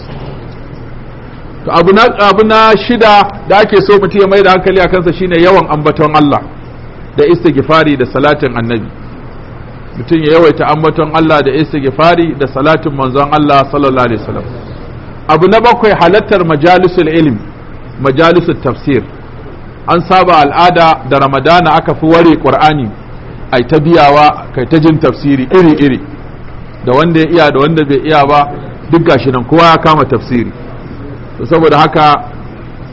to abu na abu na shida da ake so mutum ya mai da hankali a kansa shine yawan ambaton Allah da istighfari da salatin annabi mutum ya yawaita ambaton Allah da istighfari da salatin manzon Allah sallallahu alaihi wasallam abu na bakwai halattar majalisul ilm majalisul tafsir an saba al'ada da ramadana aka fi ware qur'ani ai ta biyawa kai ta jin tafsiri iri iri da wanda ya iya da wanda bai iya ba duk gashi nan kowa ya kama tafsiri saboda haka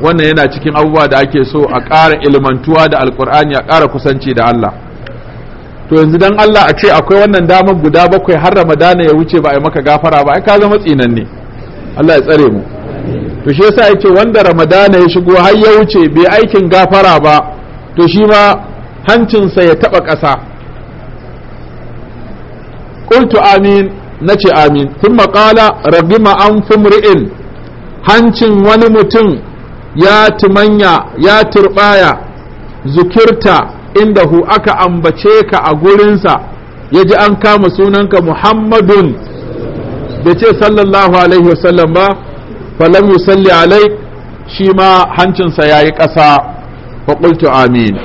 wannan yana cikin abubuwa da ake so a ƙara ilmantuwa da alƙur'ani a ƙara kusanci da Allah to yanzu dan Allah a ce akwai wannan damar guda bakwai har ramadana ya wuce ba a yi maka gafara ba ai ka zama tsinan ne Allah ya tsare mu to shi yasa yace wanda ramadana ya shigo har ya wuce bai aikin gafara ba to shi ma hancinsa ya taba ƙasa qultu amin nace amin thumma qala ragima an fumri'in hancin wani mutum ya tumanya ya turbaya zukirta inda hu aka ambace ka a gurinsa ya ji an kama sunanka muhammadun da ce sallallahu alaihi wasallam ba falam yusalli alaik shi ma hancinsa ya yi ƙasa faƙultu amin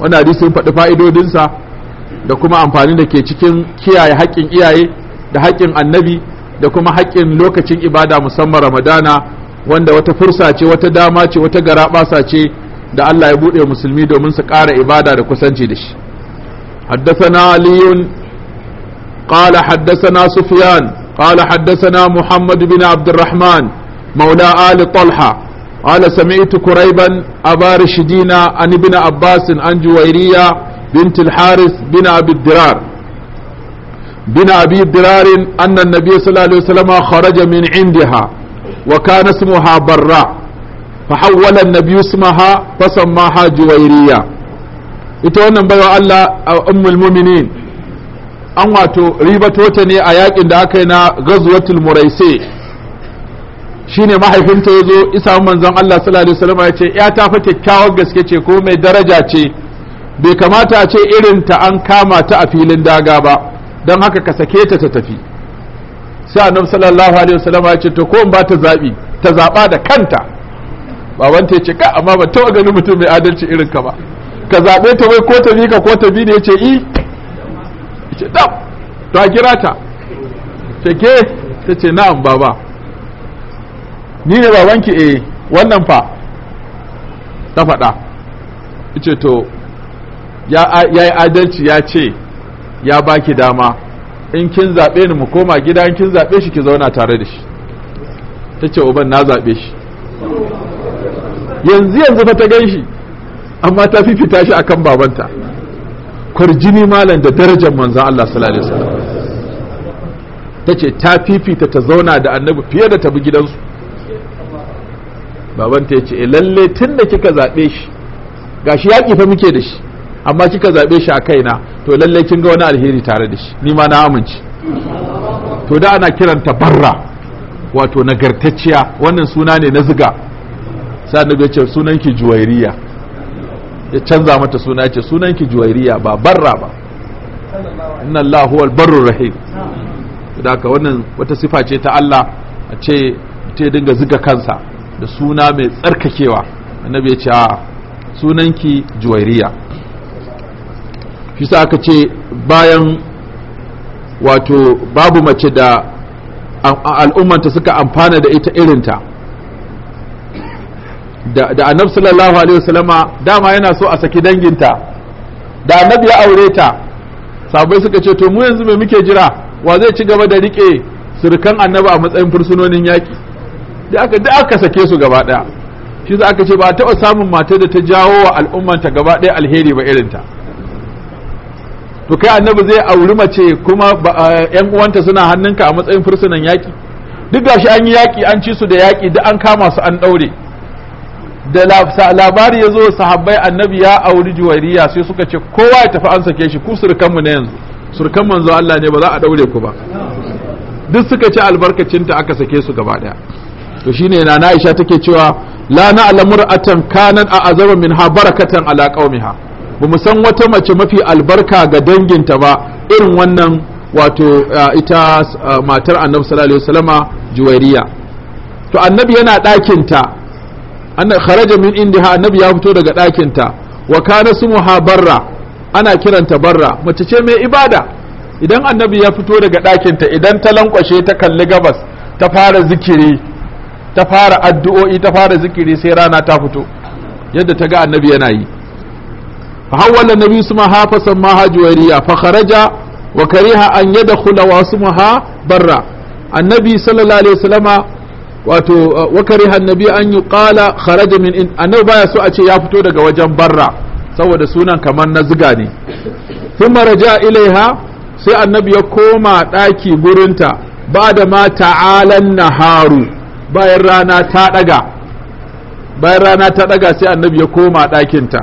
wani sun faɗi fa'idodinsa da kuma amfani da ke cikin kiyaye haƙƙin iyaye da haƙƙin annabi da kuma haƙƙin lokacin ibada musamman ramadana wanda wata fursa ce wata dama ce wata garaɓasa ce da Allah ya buɗe musulmi domin su ƙara ibada da kusanci da shi حدثنا علي haddasa na sufiyan قال حدثنا محمد بن عبد الرحمن مولى آل طلحة قال سمعت كريبا أبا رشدين عن ابن عباس عن جويرية بنت الحارث بن أبي الدرار بن أبي الدرار أن النبي صلى الله عليه وسلم خرج من عندها وكان اسمها برا فحول النبي اسمها فسماها جويرية ita wannan الله أم المؤمنين an wato ribato ta ne a yakin da aka yi na ghazwatul muraisi shine mahaifinta ya zo isa manzon Allah sallallahu alaihi wasallam ya ce ya ta fa kyakkyawar gaske ce ko mai daraja ce bai kamata a ce irin ta an kama ta a filin daga ba don haka ka sake ta ta tafi sai annab sallallahu alaihi wasallam ya ce to ko ba ta zabi ta zaba da kanta babanta ya ce ka amma ban taba ganin mutum mai adalci irin ka ba ka zabe ta wai ko ta bi ka ko ta bi ne ya ce i ce dam to kira ta ce ke ta ce na'am baba ni ne babanki eh wannan fa ta faɗa ce to ya yi adalci ya ce ya baki dama in kin zaɓe ni mu koma gida in kin zaɓe shi ki zauna tare da shi ta ce uban na zaɓe shi yanzu yanzu fa ta gan shi amma ta fifita shi a kan babanta jini malam da darajar manzan Allah sallallahu ta ce ta fifita ta zauna da annabi fiye da tabi gidansu babanta ya ce eh, lalle tun da kika zaɓe shi ga shi yaƙi fa muke da shi amma kika zaɓe shi a kaina to lalle kin ga wani alheri tare da shi ni ma na amince to da ana kiranta barra wato nagartacciya wannan suna ne na ziga sa ce sunan ki juwairiya ya canza mata suna ya ce sunanki juwairiya ba barra ba inna Allah huwal barrur rahim da haka wannan wata sifa ce ta Allah a ce ta dinga zuga kansa da suna mai tsarkakewa annabi ya ce a sunanki juwairiya fisa aka ce bayan wato babu mace da al'ummanta suka amfana da ita irinta da annabi sallallahu alaihi wasallama dama yana so a saki danginta da annabi ya aure ta sabai suka ce to mu yanzu me muke jira wa zai ci gaba da rike surukan annabi a matsayin fursunonin yaƙi da aka da aka sake su gaba daya shi za aka ce ba a taɓa samun matar da ta jawo wa al'ummanta gaba ɗaya alheri ba irinta to kai annabi zai auri mace kuma yan uwanta suna hannunka a matsayin fursunan yaƙi duk gashi an yi yaki an ci su da yaki duk an kama su an ɗaure da labari ya zo sahabbai annabi ya auri juwariya sai suka ce kowa ya tafi an sake shi ku surukanmu na yanzu surukan manzo Allah ne ba za a daure ku ba duk suka ci albarkacinta aka sake su gaba daya to shine na Aisha take cewa la na'lamur atan kanan a azaba min ha barakatan ala qaumiha bamu san wata mace mafi albarka ga danginta ba irin wannan wato ita matar annabi sallallahu alaihi wasallama juwairiya to annabi yana ta anna kharaja min indiha annabi ya fito daga ɗakin ta wa kana sumuha barra ana kiranta barra mace ce mai ibada idan annabi ya fito daga ɗakin ta idan ta lankwashe ta kalli gabas ta fara zikiri ta fara addu'o'i ta fara zikiri sai rana ta fito yadda ta ga annabi yana yi fa hawwala nabi suma hafasan sammaha juwariya fa kharaja wa kariha an yadkhula wa barra annabi sallallahu alaihi wasallama wato uh, wakari hannabi an yi kala kharaja min in annabi baya so a ce ya fito daga wajen barra saboda sunan kamar na ziga ne thumma raja ilaiha sai annabi ya koma daki gurinta ba da ma ta'alan haru. bayan rana ta daga bayan rana ta ɗaga sai annabi ya koma ɗakinta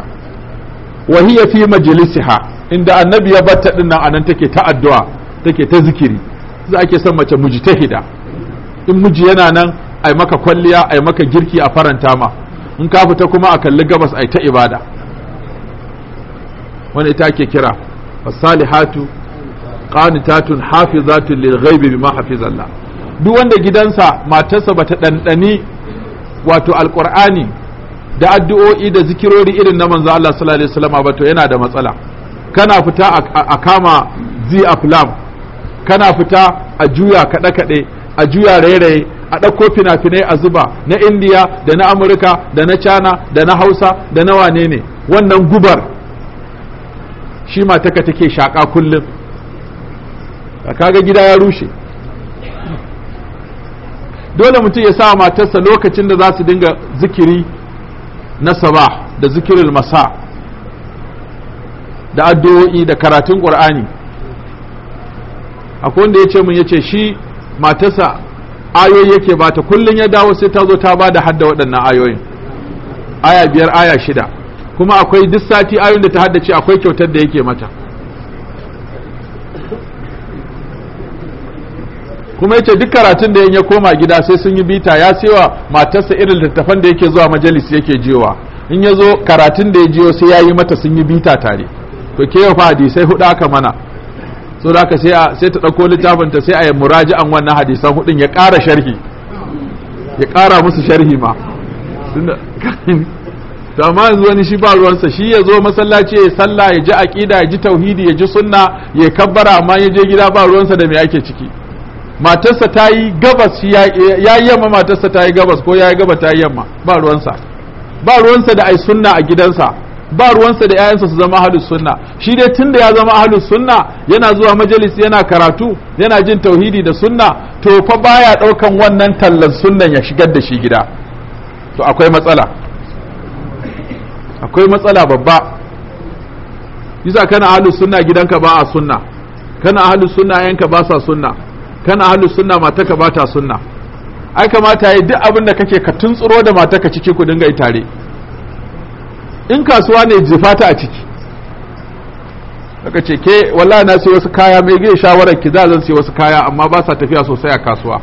wa hiya fi majlisiha inda annabi ya batta din nan anan take ta addu'a take ta zikiri za ake son mace mujtahida in miji yana nan ai maka kwalliya ai maka girki a faranta ma in ka fita kuma a kalli gabas a ta ibada wani ita ake kira fasalihatu qanitatun hafizatun lil ghaibi bima hafizallah duk wanda gidansa matarsa bata dandani wato alqur'ani da addu'o'i da zikirori irin na manzo Allah sallallahu alaihi wasallam ba to yana da matsala kana fita a kama zi aflam kana fita a juya kaɗe-kaɗe a juya raye-raye a ɗauko fina-finai a zuba na indiya da na amurka da na cana da na hausa da na wane ne wannan gubar shi mataka take shaƙa kullum kaga gida ya rushe dole mutum ya sa matarsa lokacin da za su dinga zikiri na sabah da zikirin masa da addu'o'i da karatun ƙur'ani akwai wanda ya ce mun ya ce shi matarsa ayoyi yake bata kullum ya dawo sai ta zo ta ba da hadda waɗannan ayoyin aya biyar aya shida kuma akwai duk sati ayoyin da ta haddace akwai kyautar da yake mata kuma yace duk karatun da ya koma gida sai sun yi bita ya sewa matarsa irin littattafan da yake zuwa majalisi yake jiwa in ya zo karatun da ya jiyo sai ya yi mata sun yi bita tare to ke fa sai hudu aka mana so da haka sai ta ɗauko littafin ta sai a yi muraji'an wannan hadisan hudun ya ƙara sharhi ya ƙara musu sharhi ma ta ma yanzu wani shi ba ruwansa shi ya zo masallaci ya salla, ya ji aƙida, ya ji tauhidi ya ji sunna ya kabbara amma ya je gida ba ruwansa da me ake ciki matarsa ta yi gabas ya yi yamma matarsa ta yi gabas ko ya yi gaba ta yi yamma ba ruwansa ba ruwansa da ai sunna a gidansa ba ruwansa da 'ya'yansa su zama ahlus sunna shi dai tunda ya zama ahlus sunna yana zuwa majalis yana karatu yana jin tauhidi da sunna to fa baya daukan wannan tallan sunnan ya shigar da shi gida to akwai matsala akwai matsala babba yasa kana ahlus sunna gidanka ba a sunna kana ahlus sunna yanka ba sa sunna kana ahlus sunna matarka ba ta sunna ai kamata yi duk abin da kake ka tuntsuro da matarka ciki ku dinga yi tare in kasuwa ne jifata a ciki daga ce ke wallahi na sai wasu kaya mai zai shawarar ki zan sai wasu kaya amma ba sa tafiya sosai a kasuwa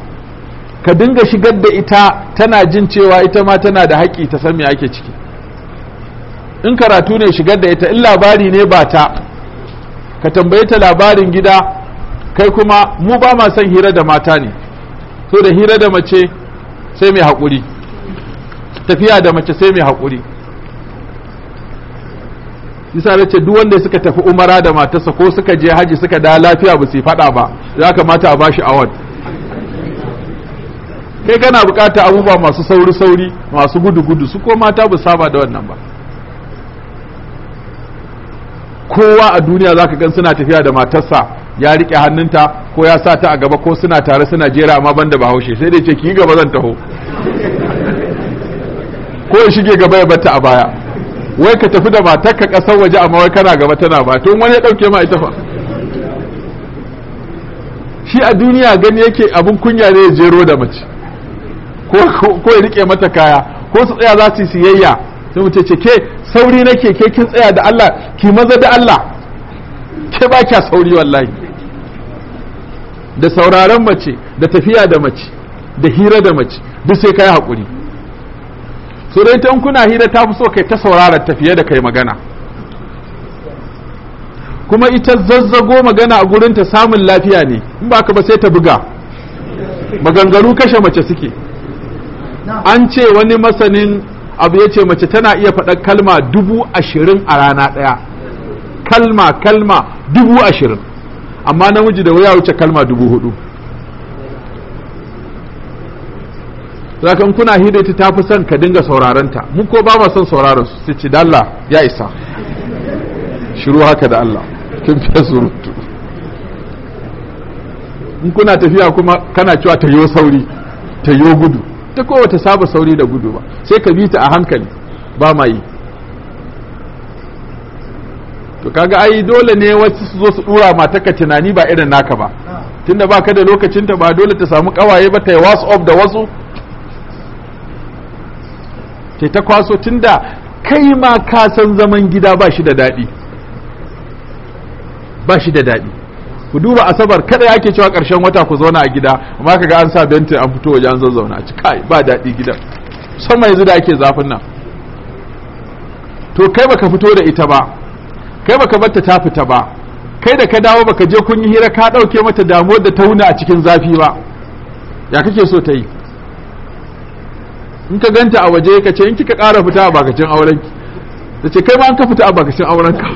ka dinga shigar da ita tana jin cewa ita ma tana da haƙƙi ta san me ake ciki in karatu ne shigar da ita in labari ne ba ta ka tambaye ta labarin gida kai kuma mu ba ma son hira da mata ne so da hira da mace sai mai haƙuri tafiya da mace sai mai haƙuri yasa ce duk wanda suka tafi umara da matarsa ko suka je haji suka da lafiya ba su fada ba ya kamata a bashi award kai kana bukata abubuwa masu sauri sauri masu gudu gudu su ko mata ba saba da wannan ba kowa a duniya zaka gan suna tafiya da matarsa ya rike hannunta ko ya sa ta a gaba ko suna tare suna jera amma banda bahaushe sai dai ce ki gaba zan taho ko ya shige gaba ya bata a baya wai ka tafi da matarka kasar waje amma wai kana gaba tana ba tun wani ya dauke ma ita fa shi a duniya gani yake abun kunya ne ya jero da mace ko ya rike mata kaya ko su tsaya za su siyayya sai mace ce ke sauri nake ke kin tsaya da Allah ki maza da Allah ke ba kya sauri wallahi da sauraron mace da tafiya da mace da hira da mace duk sai kai hakuri su dai kuna hira ta fi so kai ta saurara ta fiye da kai magana kuma ita zazzago magana a gurin ta samun lafiya ne in ba ka ba sai ta buga maganganu kashe mace suke an ce wani masanin abu ya ce mace tana iya faɗar kalma dubu ashirin a rana ɗaya kalma kalma dubu ashirin amma namiji da wuya wuce kalma dubu hudu zaka kuna hidaita ta fi son ka dinga sauraron ta mu ko ba ma son sauraron su sai ci da Allah ya isa shiru haka da Allah kin fi surutu in kuna tafiya kuma kana cewa ta yo sauri ta yo gudu ta kowa ta saba sauri da gudu ba sai ka bi ta a hankali ba ma yi to kaga ai dole ne wasu su zo su dura ka tunani ba irin naka ba tunda ba ka da lokacinta ba dole ta samu kawaye ba ta yi wasu of da wasu sai ta kwaso tunda kai ma ka san zaman gida ba shi da daɗi ba shi da daɗi ku duba asabar kada yake cewa ƙarshen wata ku zauna a gida amma kaga an sa bentin an fito waje an zazzauna a kai ba daɗi gidan musamman yanzu da ake zafin nan to kai baka fito da ita ba kai baka bar ta ta fita ba kai da ka dawo baka je kun yi hira ka ɗauke mata damuwar da ta wuna a cikin zafi ba ya kake so ta yi in ka ganta a waje ka ce in kika ƙara fita a bakacin auren ki ta ce kai ma an ka fita a bakacin auren ka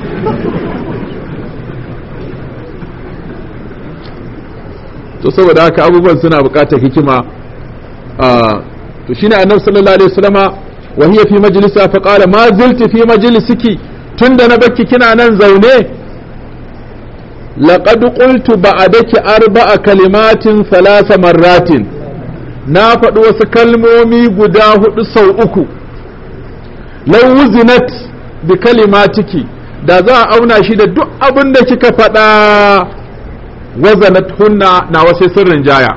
to saboda haka abubuwan suna buƙatar hikima ah, to shi ne annabi sallallahu alaihi wasallama wa hiya fi majlisa fa qala ma zilti fi majlisiki tunda na bakki kina nan zaune laqad qultu ba'daki arba'a kalimatin thalatha marratin na faɗi wasu kalmomi guda hudu sau uku lauzinat bi kalimatiki da za a auna shi da duk abin da kika faɗa wazanat hunna na wasu sirrin jaya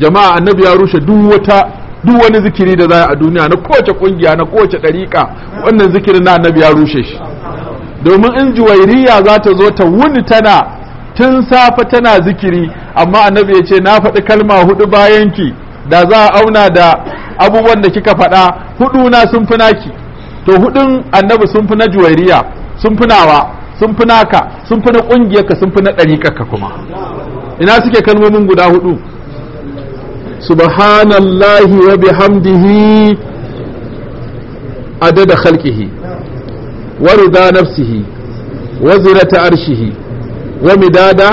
jama'a annabi ya rushe duk wata duk wani zikiri da za a duniya na kowace kungiya na kowace ɗariƙa wannan zikirin na annabi ya rushe shi domin in juwairiya za ta zo ta wuni tana tun safe tana zikiri amma annabi ya ce na faɗi kalma hudu bayan ki da za a auna da abubuwan da kika faɗa hudu na sun fi naki to hudun annabi sun fi na juwairiya sun fi nawa sun fi naka sun fi na ƙungiyarka sun fi na ɗariƙarka kuma ina suke kalmomin guda hudu subhanallahi wa bihamdihi adada khalqihi wa rida nafsihi wa zinata arshihi wa midada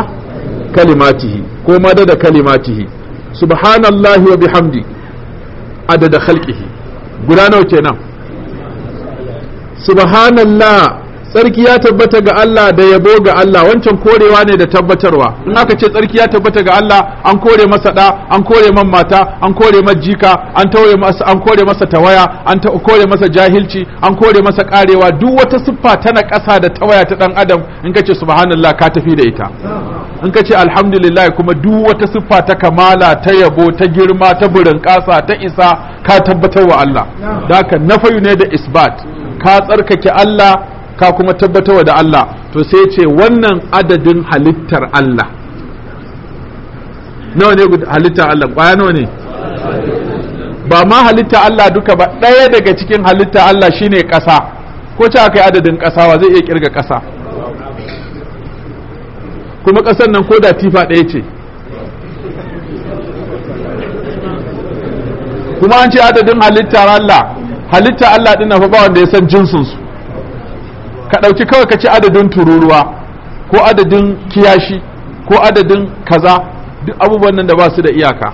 kalimatihi ko madada kalimatihi subhanallahi wa bihamdi adada khalqihi guda nawa kenan subhanallah tsarki ya tabbata ga Allah da yabo ga Allah wancan korewa ne da tabbatarwa in aka ce tsarki ya tabbata ga Allah an kore masa da an kore man mata an kore masa an tawaye masa an kore masa tawaya an kore masa jahilci an kore masa karewa duk wata siffa tana ƙasa da tawaya ta dan adam in ka ce subhanallah ka tafi da ita in ka ce alhamdulillah kuma duk wata siffa ta kamala ta yabo ta girma ta burin kasa ta isa ka tabbatar wa Allah daka nafayu ne da isbat ka tsarkake Allah ka kuma tabbatarwa da Allah to sai ce wannan adadin halittar Allah nawa ne halittar Allah kwaya nawa ne ba ma halitta Allah duka ba ɗaya daga cikin halitta Allah shine ƙasa ko ce kai adadin kasa wa zai iya kirga ƙasa kuma ƙasar nan ko datifa tifa ɗaya ce kuma an ce adadin halitta Allah halitta Allah ɗin na wanda ya san jinsinsu ka ɗauki kawai ka ci adadin tururuwa ko adadin kiyashi ko adadin kaza duk abubuwan nan da ba su da iyaka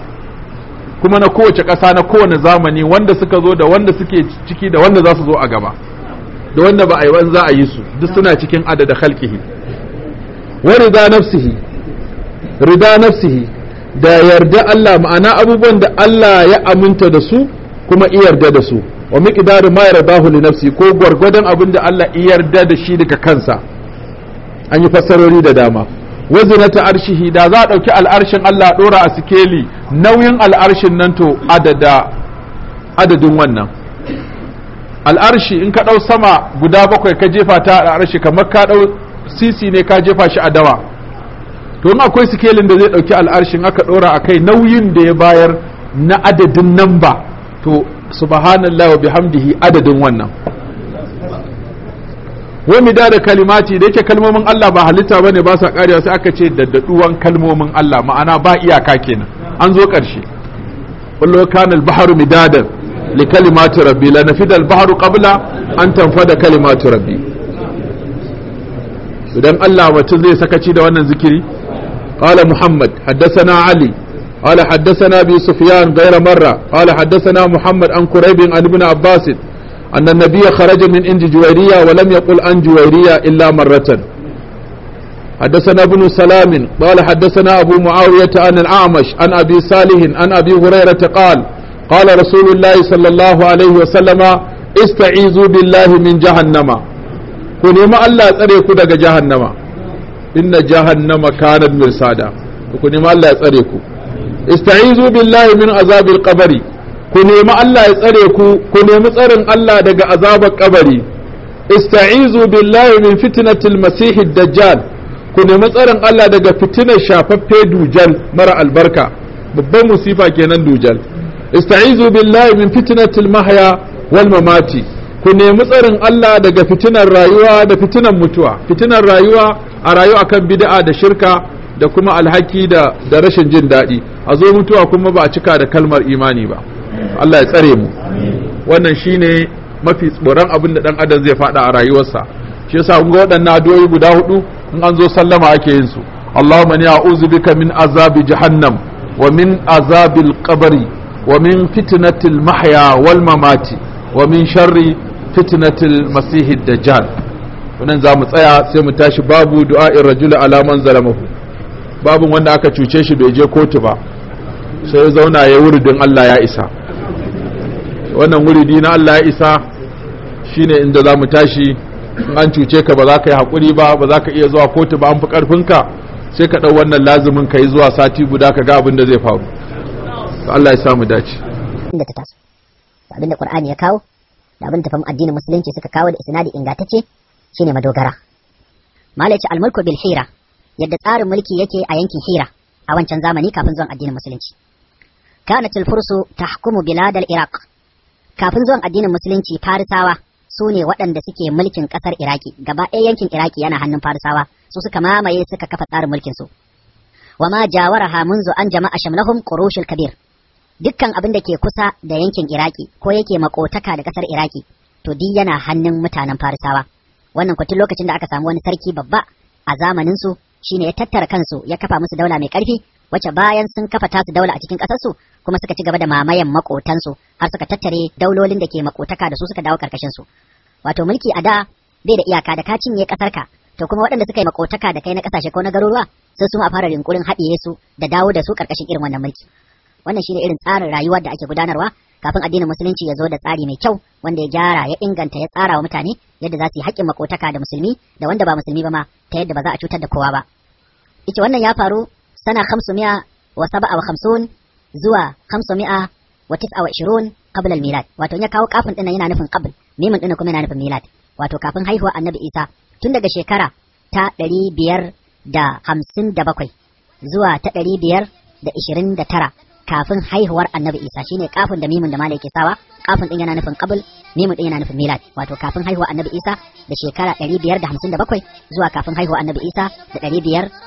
kuma na kowace ƙasa na kowane zamani wanda suka zo da wanda suke ciki da wanda za su zo a gaba da wanda ba a yi za a yi su duk suna cikin adada halkihi wa rida nafsihi rida nafsihi da yarda Allah ma'ana abubuwan da Allah ya aminta da su kuma iyarda da su wa miqdaru ma yardahu li nafsi ko gwargwadon abin da Allah iyarda da shi daga kansa an yi fassarori da dama wazinata ta arshihi da za a ɗauki al'arshin Allah ɗora a sikeli nauyin al'arshin nan to adada adadin wannan al'arshi in ka dau sama guda bakwai ka jefa ta al'arshi kamar ka dau. sisi ne ka jefa shi a dawa to in akwai sikelin da zai ɗauki al'arshin aka ɗora a kai nauyin da ya bayar na adadin ba. to subhanallah wa bihamdihi adadin wannan wa da kalimati da yake kalmomin Allah ba halitta bane ba sa karewa sai aka ce daddaduwan kalmomin Allah ma'ana ba iyaka kenan an zo karshe wallo kana al-bahru midadan li kalimati rabbi la nafida al-bahru qabla an tanfada kalimatu rabbi idan Allah mutum zai sakaci da wannan zikiri qala muhammad haddasa na ali qala na bi sufyan ghayra marra qala haddathana muhammad an quraib an ibn abbas anna nabiyya kharaja min inji juwayriya wa lam yaqul an juwayriya illa marratan حدثنا ابن سلام قال حدثنا ابو معاويه عن الاعمش عن ابي صالح عن ابي هريره قال قال رسول الله صلى الله عليه وسلم استعيذوا بالله من جهنم ku nemi Allah tsare ku daga jahannama inna jahannama kanat mirsada ku nemi Allah ya tsare ku ista'izu billahi min azabil qabri ku nemi Allah ya tsare ku ku nemi tsarin Allah daga azabar kabari ista'izu billahi min fitnatil masihid dajjal ku nemi tsarin Allah daga fitinar shafaffe dujal mara albarka babban musifa kenan dujal ista'izu billahi min fitnatil mahya wal mamati ku nemi tsarin Allah daga fitinar rayuwa da fitinar mutuwa fitinar rayuwa a rayuwa akan bid'a da shirka da kuma alhaki da da rashin jin daɗi a zo mutuwa kuma ba a cika da kalmar imani ba Allah ya tsare mu wannan shine mafi tsoron abin da dan adam zai faɗa a rayuwarsa shi yasa kun ga waɗannan addu'o'i guda hudu in an zo sallama ake yin su Allahumma ni a'udhu bika min azabi jahannam wa min azabil qabri wa min fitnatil mahya wal mamati wa min sharri fitnatul masihid dajjal wannan za mu tsaya sai mu tashi babu du'a du'a'in rajula man zalamahu babu wanda aka cuce shi bai je kotu ba sai ya zauna ya wuridin Allah ya isa wannan wuridi na Allah ya isa shine inda za mu tashi an cuce ka ba za ka yi haƙuri ba ba za ka iya zuwa kotu ba an fi ƙarfinka sai ka ɗau wannan lazumin ka yi zuwa sati guda ka ga abin da zai faru Allah ya samu dace abin da Qur'ani ya kawo da abin tafam addinin musulunci suka kawo da isnadi ingantacce shine madogara malai almulku bil hira yadda tsarin mulki yake a yankin hira a wancan zamani kafin zuwan addinin musulunci kanat al-fursu tahkumu bilad al-iraq kafin zuwan addinin musulunci farisawa su ne waɗanda suke mulkin ƙasar iraki gaba ɗaya yankin iraki yana hannun farisawa su suka mamaye suka kafa tsarin mulkin su wa ma jawaraha منذ an jama'a shamlahum qurushul kabir dukkan abin da ke kusa da yankin iraki ko yake makotaka da kasar iraki to duk yana hannun mutanen farisawa wannan kwatin lokacin da aka samu wani sarki babba a zamanin su shine ya tattara kansu ya kafa musu daula mai karfi wacce bayan sun kafa tasu daula a cikin su kuma suka ci gaba da mamayan makotansu har suka tattare daulolin da ke makotaka da su suka dawo karkashin su wato mulki a da bai da iyaka da ka cinye kasarka to kuma waɗanda suka yi makotaka da kai na kasashe ko na garuruwa sai su ma fara rinkurin haɗiye su da dawo da su karkashin irin wannan mulki wannan shine irin tsarin rayuwar da ake gudanarwa kafin addinin musulunci ya zo da tsari mai kyau wanda ya gyara ya inganta ya tsara wa mutane yadda za su yi haƙƙin makotaka da musulmi da wanda ba musulmi ba ma ta yadda ba za a cutar da kowa ba ita wannan ya faru sana 500 wa 57 zuwa 500 wa 29 qabla al-milad wato ya kawo kafin dinnan yana nufin qabl mimin dinnan kuma yana nufin milad wato kafin haihuwa annabi Isa tun daga shekara ta 557 zuwa ta 529 kafin haihuwar annabi isa shine kafin da mimin da mala yake sawa kafin din yana nufin qabl mimin din yana nufin milad wato kafin haihuwar annabi isa da shekara 557 zuwa kafin haihuwar annabi isa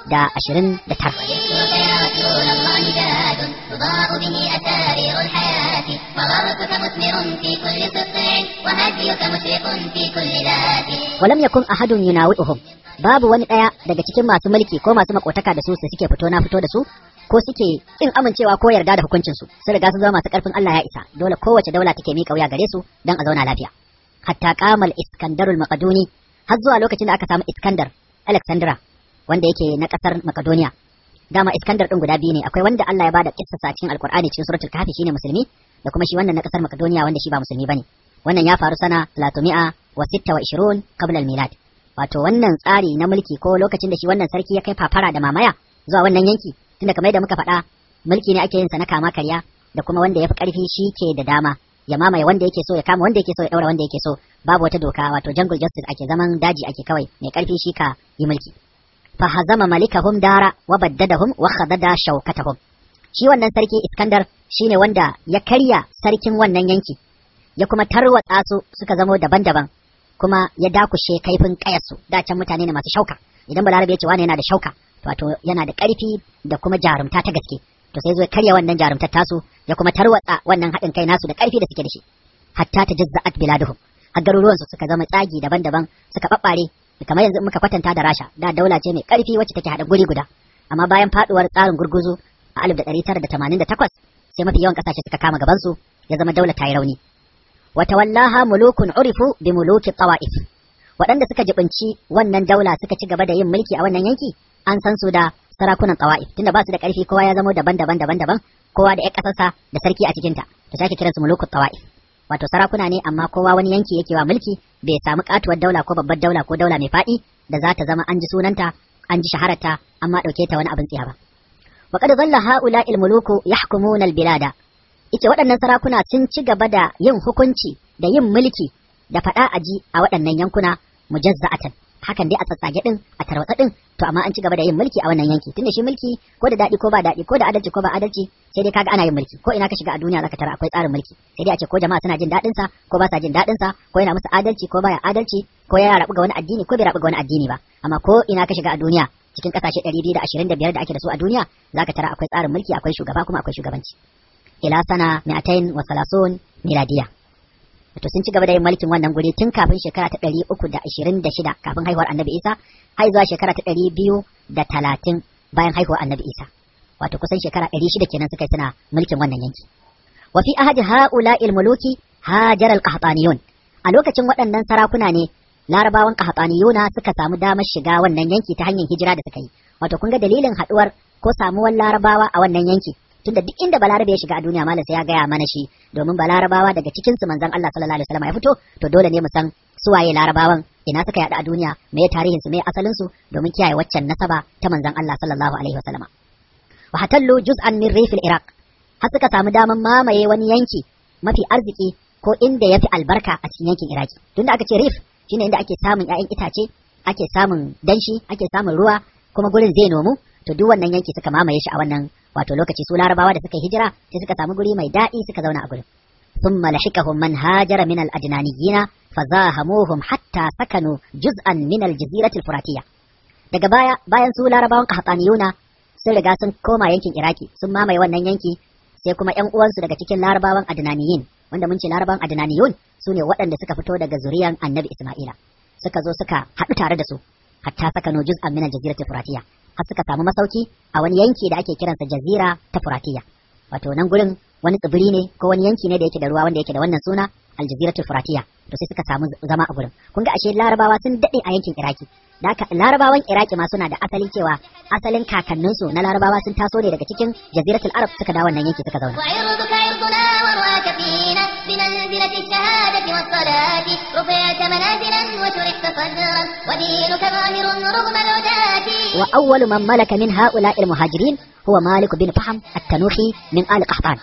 da 529 ولم يكن أحد يناوئهم babu wani ɗaya daga cikin masu mulki ko masu makotaka da su su suke fito na fito da su ko suke kin amincewa ko yarda da hukuncin su sun riga sun zama masu karfin Allah ya isa dole kowace daula take miƙa wuya gare su dan a zauna lafiya hatta kamal iskandarul maqduni har zuwa lokacin da aka samu iskandar alexandra wanda yake na kasar Makadoniya. dama iskandar din guda biyu ne akwai wanda Allah ya bada kissa cikin alqur'ani cikin suratul kahfi shine musulmi da kuma shi wannan na kasar Makadoniya wanda shi ba musulmi bane wannan ya faru sana 326 qabla al-milad wato wannan tsari na mulki ko lokacin da shi wannan sarki ya kai fafara da mamaya zuwa wannan yanki tunda kamar da muka faɗa mulki ne ake yin sa na kama karya da kuma wanda ya fi ƙarfi shi ke da dama ya mamaye wanda yake so ya kama wanda yake so ya ɗaura wanda yake so babu wata doka wato jungle justice ake zaman daji ake kawai mai ƙarfi shi ka yi mulki fa hazama malikahum dara wa baddadahum wa khadada shawkatahum shi wannan sarki Iskandar shine wanda ya karya sarkin wannan yanki ya kuma tarwatsa su suka zamo daban-daban kuma ya dakushe kaifin kayarsu da can mutane ne masu shauka idan balarabe ya ce wani yana da shauka wato yana da ƙarfi da kuma jarumta ta gaske to sai zo karya wannan jarumtar tasu ya kuma tarwatsa wannan haɗin kai nasu da ƙarfi da suke da shi hatta ta jazza'at biladuhum har garuruwansu suka zama tsagi daban-daban suka babbare kamar yanzu muka kwatanta da Rasha da daula ce mai ƙarfi wacce take haɗa guri guda amma bayan faduwar tsarin gurguzu a 1988 sai mafi yawan kasashe suka kama gaban su ya zama daula ta rauni wa tawallaha mulukun urifu bi muluki tawa'if waɗanda suka jibinci wannan daula suka ci gaba da yin mulki a wannan yanki an san su da sarakunan kawa'i tunda ba su da karfi kowa ya zama daban-daban daban-daban kowa da ƴan ƙasarsa da sarki a cikinta to sai kira kiransu mulukul qawa'i wato sarakuna ne amma kowa wani yanki yake wa mulki bai samu katuwar daula ko babbar daula ko daula mai faɗi da za ta zama an ji sunanta an ji shahararta amma ɗauke ta wani abin tsiya ba wa qad dhalla haula al muluku yahkumuna al bilada ike waɗannan sarakuna sun ci gaba da yin hukunci da yin mulki da faɗa aji a waɗannan yankuna mujazza'atan hakan dai a tsatsage din a tarwatsa din to amma an ci gaba da yin mulki a wannan yanki tunda shi mulki ko da dadi ko ba dadi ko da adalci ko ba adalci sai dai kaga ana yin mulki ko ina ka shiga a duniya zaka tara akwai tsarin mulki sai dai a ce ko jama'a suna jin dadin sa ko ba sa jin dadin sa ko yana musu adalci ko baya adalci ko ya rabu ga wani addini ko bai rabu ga wani addini ba amma ko ina ka shiga a duniya cikin kasashe 225 da ake da su a duniya zaka tara akwai tsarin mulki akwai shugaba kuma akwai shugabanci ila sana 230 miladiyya to sun ci gaba da yin mulkin wannan guri tun kafin shekara ta ɗari uku da ashirin da shida kafin haihuwar annabi isa har zuwa shekara ta ɗari biyu da talatin bayan haihuwar annabi isa wato kusan shekara ɗari shida kenan suka suna mulkin wannan yanki wa fi ahadi ha'ula ilmuluki hajar alqahtaniyun a lokacin waɗannan sarakuna ne larabawan qahtaniyuna suka samu damar shiga wannan yanki ta hanyar hijira da suka yi wato kun ga dalilin haɗuwar ko samuwar larabawa a wannan yanki tunda duk inda balarabe ya shiga a duniya malam sai ya gaya mana shi domin balarabawa daga cikin su manzon Allah sallallahu alaihi wasallam ya fito to dole ne mu san su waye larabawan ina suka yadu a duniya me tarihin su me asalin su domin kiyaye waccan nasaba ta manzon Allah sallallahu alaihi wasallam wa hatallu juz'an min rifil iraq har suka samu daman mamaye wani yanki mafi arziki ko inda yafi albarka a cikin yankin iraki tunda aka ce rif shine inda ake samun 'ya'yan itace ake samun danshi ake samun ruwa kuma gurin zai nomu to duk wannan yanki suka mamaye shi a wannan wato lokaci su larabawa da suka hijira sai suka samu guri mai daɗi suka zauna a gurin thumma lahiqahum man hajara min al-ajnaniyina fazahamuhum hatta sakanu juz'an min al daga baya bayan su larabawan qahtaniyuna sun riga sun koma yankin iraki sun mamaye wannan yanki sai kuma ƴan uwansu daga cikin larabawan adnaniyin wanda mun ce larabawan adnaniyun su ne waɗanda suka fito daga zuriyan annabi isma'ila suka zo suka haɗu tare da su hatta sakano juz'an min al-jazirati al-furatiyya har suka samu masauki a wani yanki da ake kiransa jazira ta furatiya wato nan gurin wani tsibiri ne ko wani yanki ne da yake da ruwa wanda yake da wannan suna aljazira ta furatiya to sai suka samu zama a gurin kun ga ashe larabawa sun dade a yankin iraki da larabawan iraki ma suna da asalin cewa asalin kakanninsu na larabawa sun taso ne daga cikin jaziratul arab suka dawo wannan yanki suka zauna بمنزلة الشهادة والصلاة رفعت منازلا وشرحت صدرا ودينك ظاهر رغم العداة وأول من ملك من هؤلاء المهاجرين هو مالك بن فحم التنوحي من آل قحطان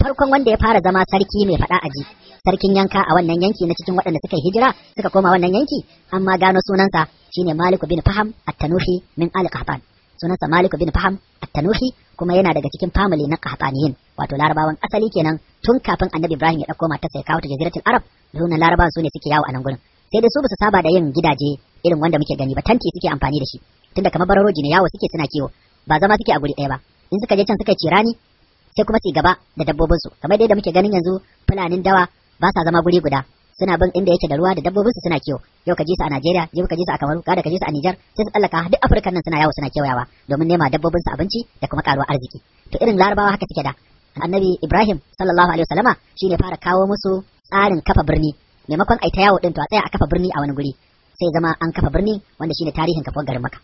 farkon wanda ya fara zama sarki mai fada aji sarkin yanka a wannan yanki na cikin waɗanda suka yi hijira suka koma wannan yanki amma gano sunansa shine Malik bin Faham At-Tanuhi min Ali Qahtan sunansa Malik bin Faham At-Tanuhi kuma yana daga cikin family na Qahtaniyin wato larabawan asali kenan tun kafin annabi ibrahim ya ɗauko matarsa ya kawo ta jaziratul arab lunan larabawan su ne suke yawo a nan gurin sai dai su basu saba da yin gidaje irin wanda muke gani ba tanti suke amfani da shi tunda kamar bararoji ne yawo suke suna kiwo ba zama suke a guri ɗaya ba in suka je can suka ci rani sai kuma su gaba da su kamar dai da muke ganin yanzu fulanin dawa ba sa zama guri guda suna bin inda yake da ruwa da dabbobinsu suna kiwo yau ka ji su a Najeriya jibi ka ji su a Kamaru kada ka ji su a Niger sai su tsallaka duk Afirka nan suna yawo suna kewayawa domin nema dabbobin su abinci da kuma karuwar arziki to irin larabawa haka suke da annabi Ibrahim sallallahu alaihi wasallama shine fara kawo musu tsarin kafa birni maimakon ai ta yawo din to a tsaya a kafa birni a wani guri sai zama an kafa birni wanda shine tarihin kafuwar garin Makka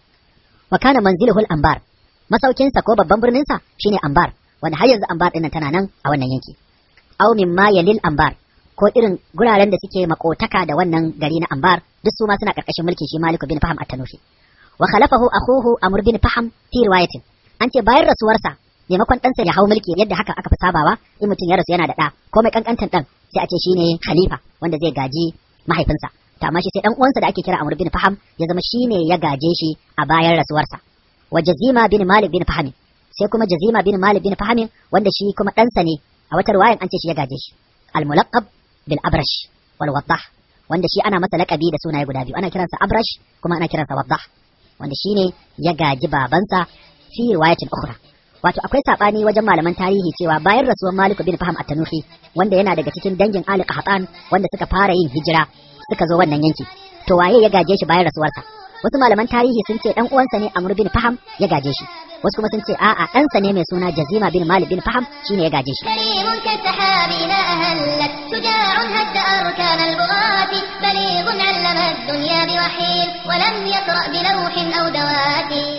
wa kana manziluhul anbar masaukin sa ko babban birnin sa shine anbar wanda har yanzu anbar din tana nan a wannan yanki aw ma yalil anbar ko irin guraren da suke makotaka da wannan gari na anbar duk su ma suna karkashin mulkin shi Malik bin Faham at tanushi wa khalafahu akhuhu Amr bin Faham fi riwayatin an ce bayan rasuwarsa maimakon ɗansa ya hau mulki yadda haka aka fi sabawa in mutum ya rasu yana da ɗa ko mai kankantan ɗan sai a ce shine khalifa wanda zai gaji mahaifinsa ta amma shi sai ɗan uwansa da ake kira Amr bin Faham ya zama shine ya gaje shi a bayan rasuwarsa wa Jazima bin Malik bin Faham sai kuma Jazima bin Malik bin Faham wanda shi kuma ɗansa ne a wata ruwayan an ce shi ya gaje shi al-mulaqab bil abrash wal waddah wanda shi ana masa lakabi da sunaye guda biyu ana kiransa abrash kuma ana kiransa waddah wanda shine ya gaji babansa fi riwayatin ukhra wato akwai sabani wajen malaman tarihi cewa bayan rasuwar Malik bin Faham at-Tanuhi wanda yana daga cikin dangin Ali Qahtan wanda suka fara yin hijira suka zo wannan yanki to waye ya gaje shi bayan rasuwarsa wasu malaman tarihi sun ce dan uwansa ne Amr bin Faham ya gaje shi wasu kuma sun ce a'a dan sa ne mai suna Jazima bin Malik bin Faham shine ya gaje shi شجاع هد أركان البغاة بليغ علم الدنيا بوحيل ولم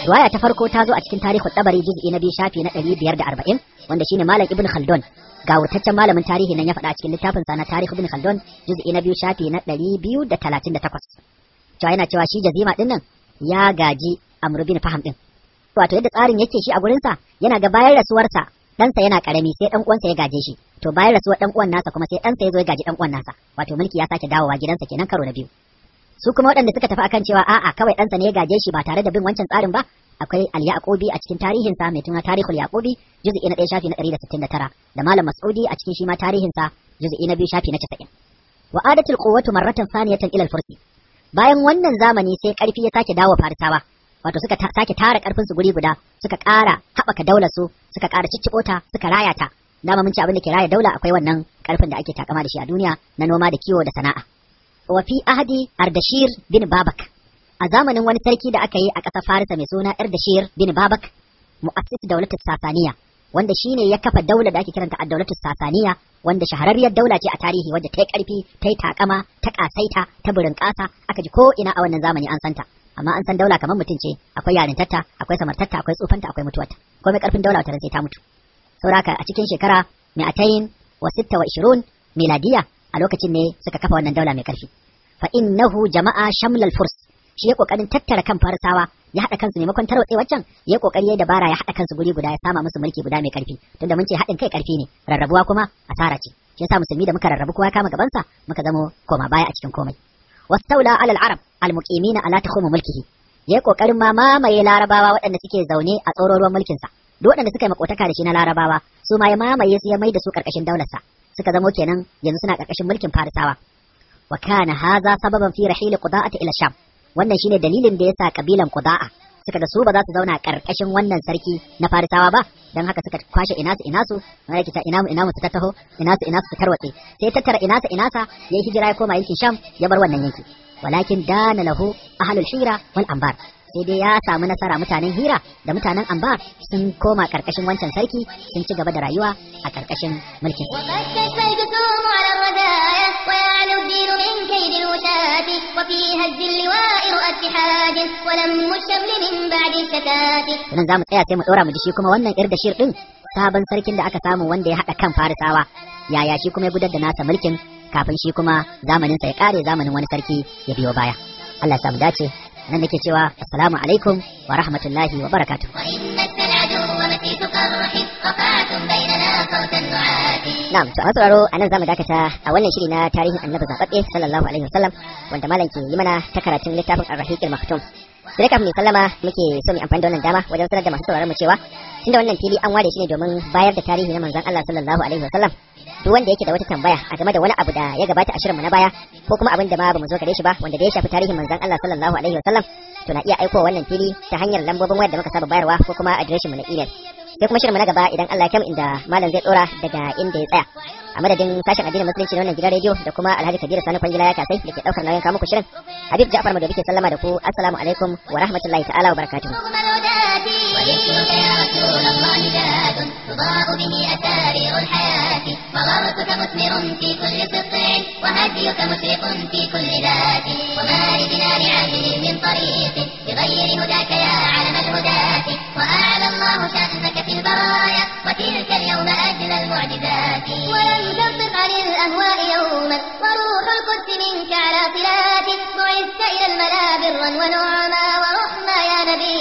Riwaya ta farko ta zo a cikin tarihin Tabari juz'i na biyu shafi na da arba'in wanda shine Malam Ibn Khaldun ga wataccen malamin tarihi nan ya faɗa a cikin littafin sa na tarihi Ibn Khaldun juz'i na biyu shafi na 238. Cewa yana cewa shi jazima din nan ya gaji Amr bin Faham din. Wato yadda tsarin yake shi a gurin sa yana ga bayan rasuwarsa ɗansa yana karami sai ɗan uwansa ya gaje shi to bayan rasuwar ɗan uwan nasa kuma sai ɗansa ya zo ya gaji ɗan uwan nasa wato mulki ya sake dawowa gidansa kenan karo na biyu su kuma waɗanda suka tafi akan cewa a'a kawai ɗansa ne ya gaje shi ba tare da bin wancan tsarin ba akwai al-yaqubi a cikin tarihin sa mai tuna tarihul yaqubi juz'i na 1 shafi na 169 da malam mas'udi a cikin shi ma tarihin sa juz'i na 2 shafi na 90 wa adatul quwwatu marratan saniyatan ila al-fursi bayan wannan zamani sai karfi ya sake dawo farisawa wato suka sake tara karfin su guri guda suka ƙara haɓaka daular su suka ƙara cicciɓo ta suka raya ta dama mun ci abin da ke raya daula akwai wannan karfin da ake takama da shi a duniya na noma da kiwo da sana'a wa fi ahdi Ardashir bin Babak a zamanin wani sarki da aka yi a ƙasar Farisa mai suna Ardashir bin Babak mu'assis daulatus Sasaniya wanda shine ya kafa daula da ake kiranta ad daulatus Sasaniya wanda shahararriyar daula ce a tarihi wadda ta yi ƙarfi ta yi takama ta ƙasaita ta burin ƙasa aka ji ko ina a wannan zamani an santa amma an san daula kamar mutum ce akwai yarintarta akwai samartarta akwai tsufanta akwai mutuwarta komai ƙarfin daula wata sai ta mutu sauraka a cikin shekara atayin wa sitta wa ishirun miladiya a lokacin ne suka kafa wannan daula mai ƙarfi. fa innahu jama'a shamlal furs shi ya kokarin tattara kan farisawa ya hada kansu maimakon tarwatse waccan ya kokari ya dabara ya hada kansu guri guda ya sama musu mulki guda mai ƙarfi tunda mun ce hadin kai ƙarfi ne rarrabuwa kuma asara ce shi yasa musulmi da muka rarrabu kowa kama gabansa muka zamo koma baya a cikin komai wastaula alal arab almuqimina ala takhum mulkihi yayi kokarin ma mamaye larabawa waɗanda suke zaune a tsororuwan mulkin sa duk waɗanda suka yi makotaka da shi na larabawa su ma ya mamaye su ya mai da su karkashin daularsa suka zamo kenan yanzu suna ƙarƙashin mulkin Farisawa wa kana haza sababan fi rahil Quda'at ila Sham wannan shine dalilin da yasa kabilan Quda'a suka da su ba za su zauna ƙarƙashin wannan sarki na Farisawa ba dan haka suka kwashe inasu inasu wanda yake ta inamu inamu suka taho inasu inasu suka tarwatse sai tattara inasa inasa yayi hijira ya koma yankin Sham ya bar wannan yanki walakin dana lahu ahlul hira wal anbar sai dai ya samu nasara mutanen hira da mutanen amba sun koma karkashin wancan sarki sun ci gaba da rayuwa a karkashin mulkin Nan za mu tsaya sai mu ɗora mu ji shi kuma wannan ir da shir ɗin sabon sarkin da aka samu wanda ya haɗa kan farisawa yaya shi kuma ya gudar da nasa mulkin kafin shi kuma zamaninsa ya ƙare zamanin wani sarki ya biyo baya. Allah ya samu dace. nan nake cewa assalamu alaikum wa rahmatullahi wa barakatuh Na'am to a sauraro a nan zamu dakata a wannan shiri na tarihin Annabi zababbe sallallahu alaihi wasallam wanda malam ke yi mana ta karatun littafin Ar-Rahiq al-Maktum sai kafin mu sallama muke so mu amfani da wannan dama wajen sanar da masu sauraron mu cewa tunda wannan fili an ware shi ne domin bayar da tarihi na manzon Allah sallallahu alaihi wasallam duk wanda yake da wata tambaya a game da wani abu da ya gabata a shirinmu na baya ko kuma abin da ma bamu zo gare shi ba wanda da ya shafi tarihin manzon Allah sallallahu alaihi wasallam to na iya aikowa wannan fili ta hanyar lambobin wayar da muka saba bayarwa ko kuma adireshinmu na email sai kuma shirinmu na gaba idan Allah ya kam inda malam zai dora daga inda ya tsaya a madadin sashen addini musulunci na wannan gidan radio da kuma Alhaji Kabiru sanu Kwangila ya kasai da ke daukar nauyin kawo muku shirin Habib Ja'far Madobi ke sallama da ku assalamu alaikum wa rahmatullahi ta'ala wa barakatuh وضاء به أسارير الحياة مضارتك مثمر في كل قطع وهديك مشرق في كل ذات وما لدنا لعاجل من طريق بغير هداك يا علم الهداة وأعلى الله شأنك في البرايا وتلك اليوم أجل المعجزات ولم تصف عن الأهواء يوما وروح القدس منك على صلات بعثت إلى الملا برا ونعما ورحما يا نبي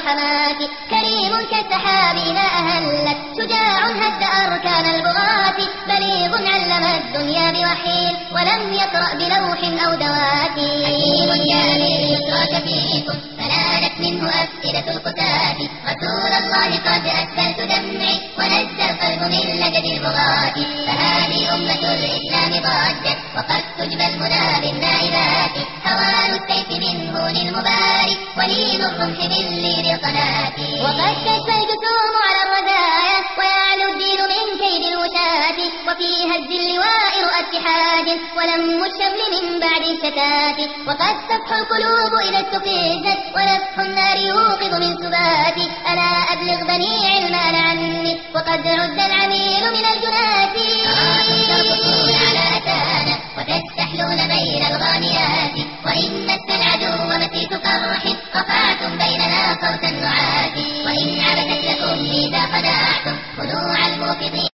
الرحمات كريم كالسحاب لا أهلت شجاع هد أركان البغاة بليغ علم الدنيا بوحيل ولم يقرأ بلوح أو دواتي حكيم جامل يترك فيكم فنالت منه أفئدة القتال رسول الله قد أكبلت دمعي ولذ القلب من لجد البغاة فهذه أمة الإسلام ضاجت وقد تجبى المنى بالنائبات حوال السيف من هون المباري ولين الرمح من لين القناة وقد كشف الجسوم على الردايا ويعلو الدين من كيد الوشاة وفيها الذل وائر اتحاد ولم الشمل من بعد الشتات وقد تفح القلوب إذا استفزت ونفخ النار يوقظ من سباتي ألا أبلغ بني علمان عني وقد رد العميل من الجنات على أتانا وتستحلون بين الغانيات وإن مس العدو مسيت قرح قطعتم بيننا صوتا نعاتي وإن عبدت لكم إذا خدعتم خدوع الموقظين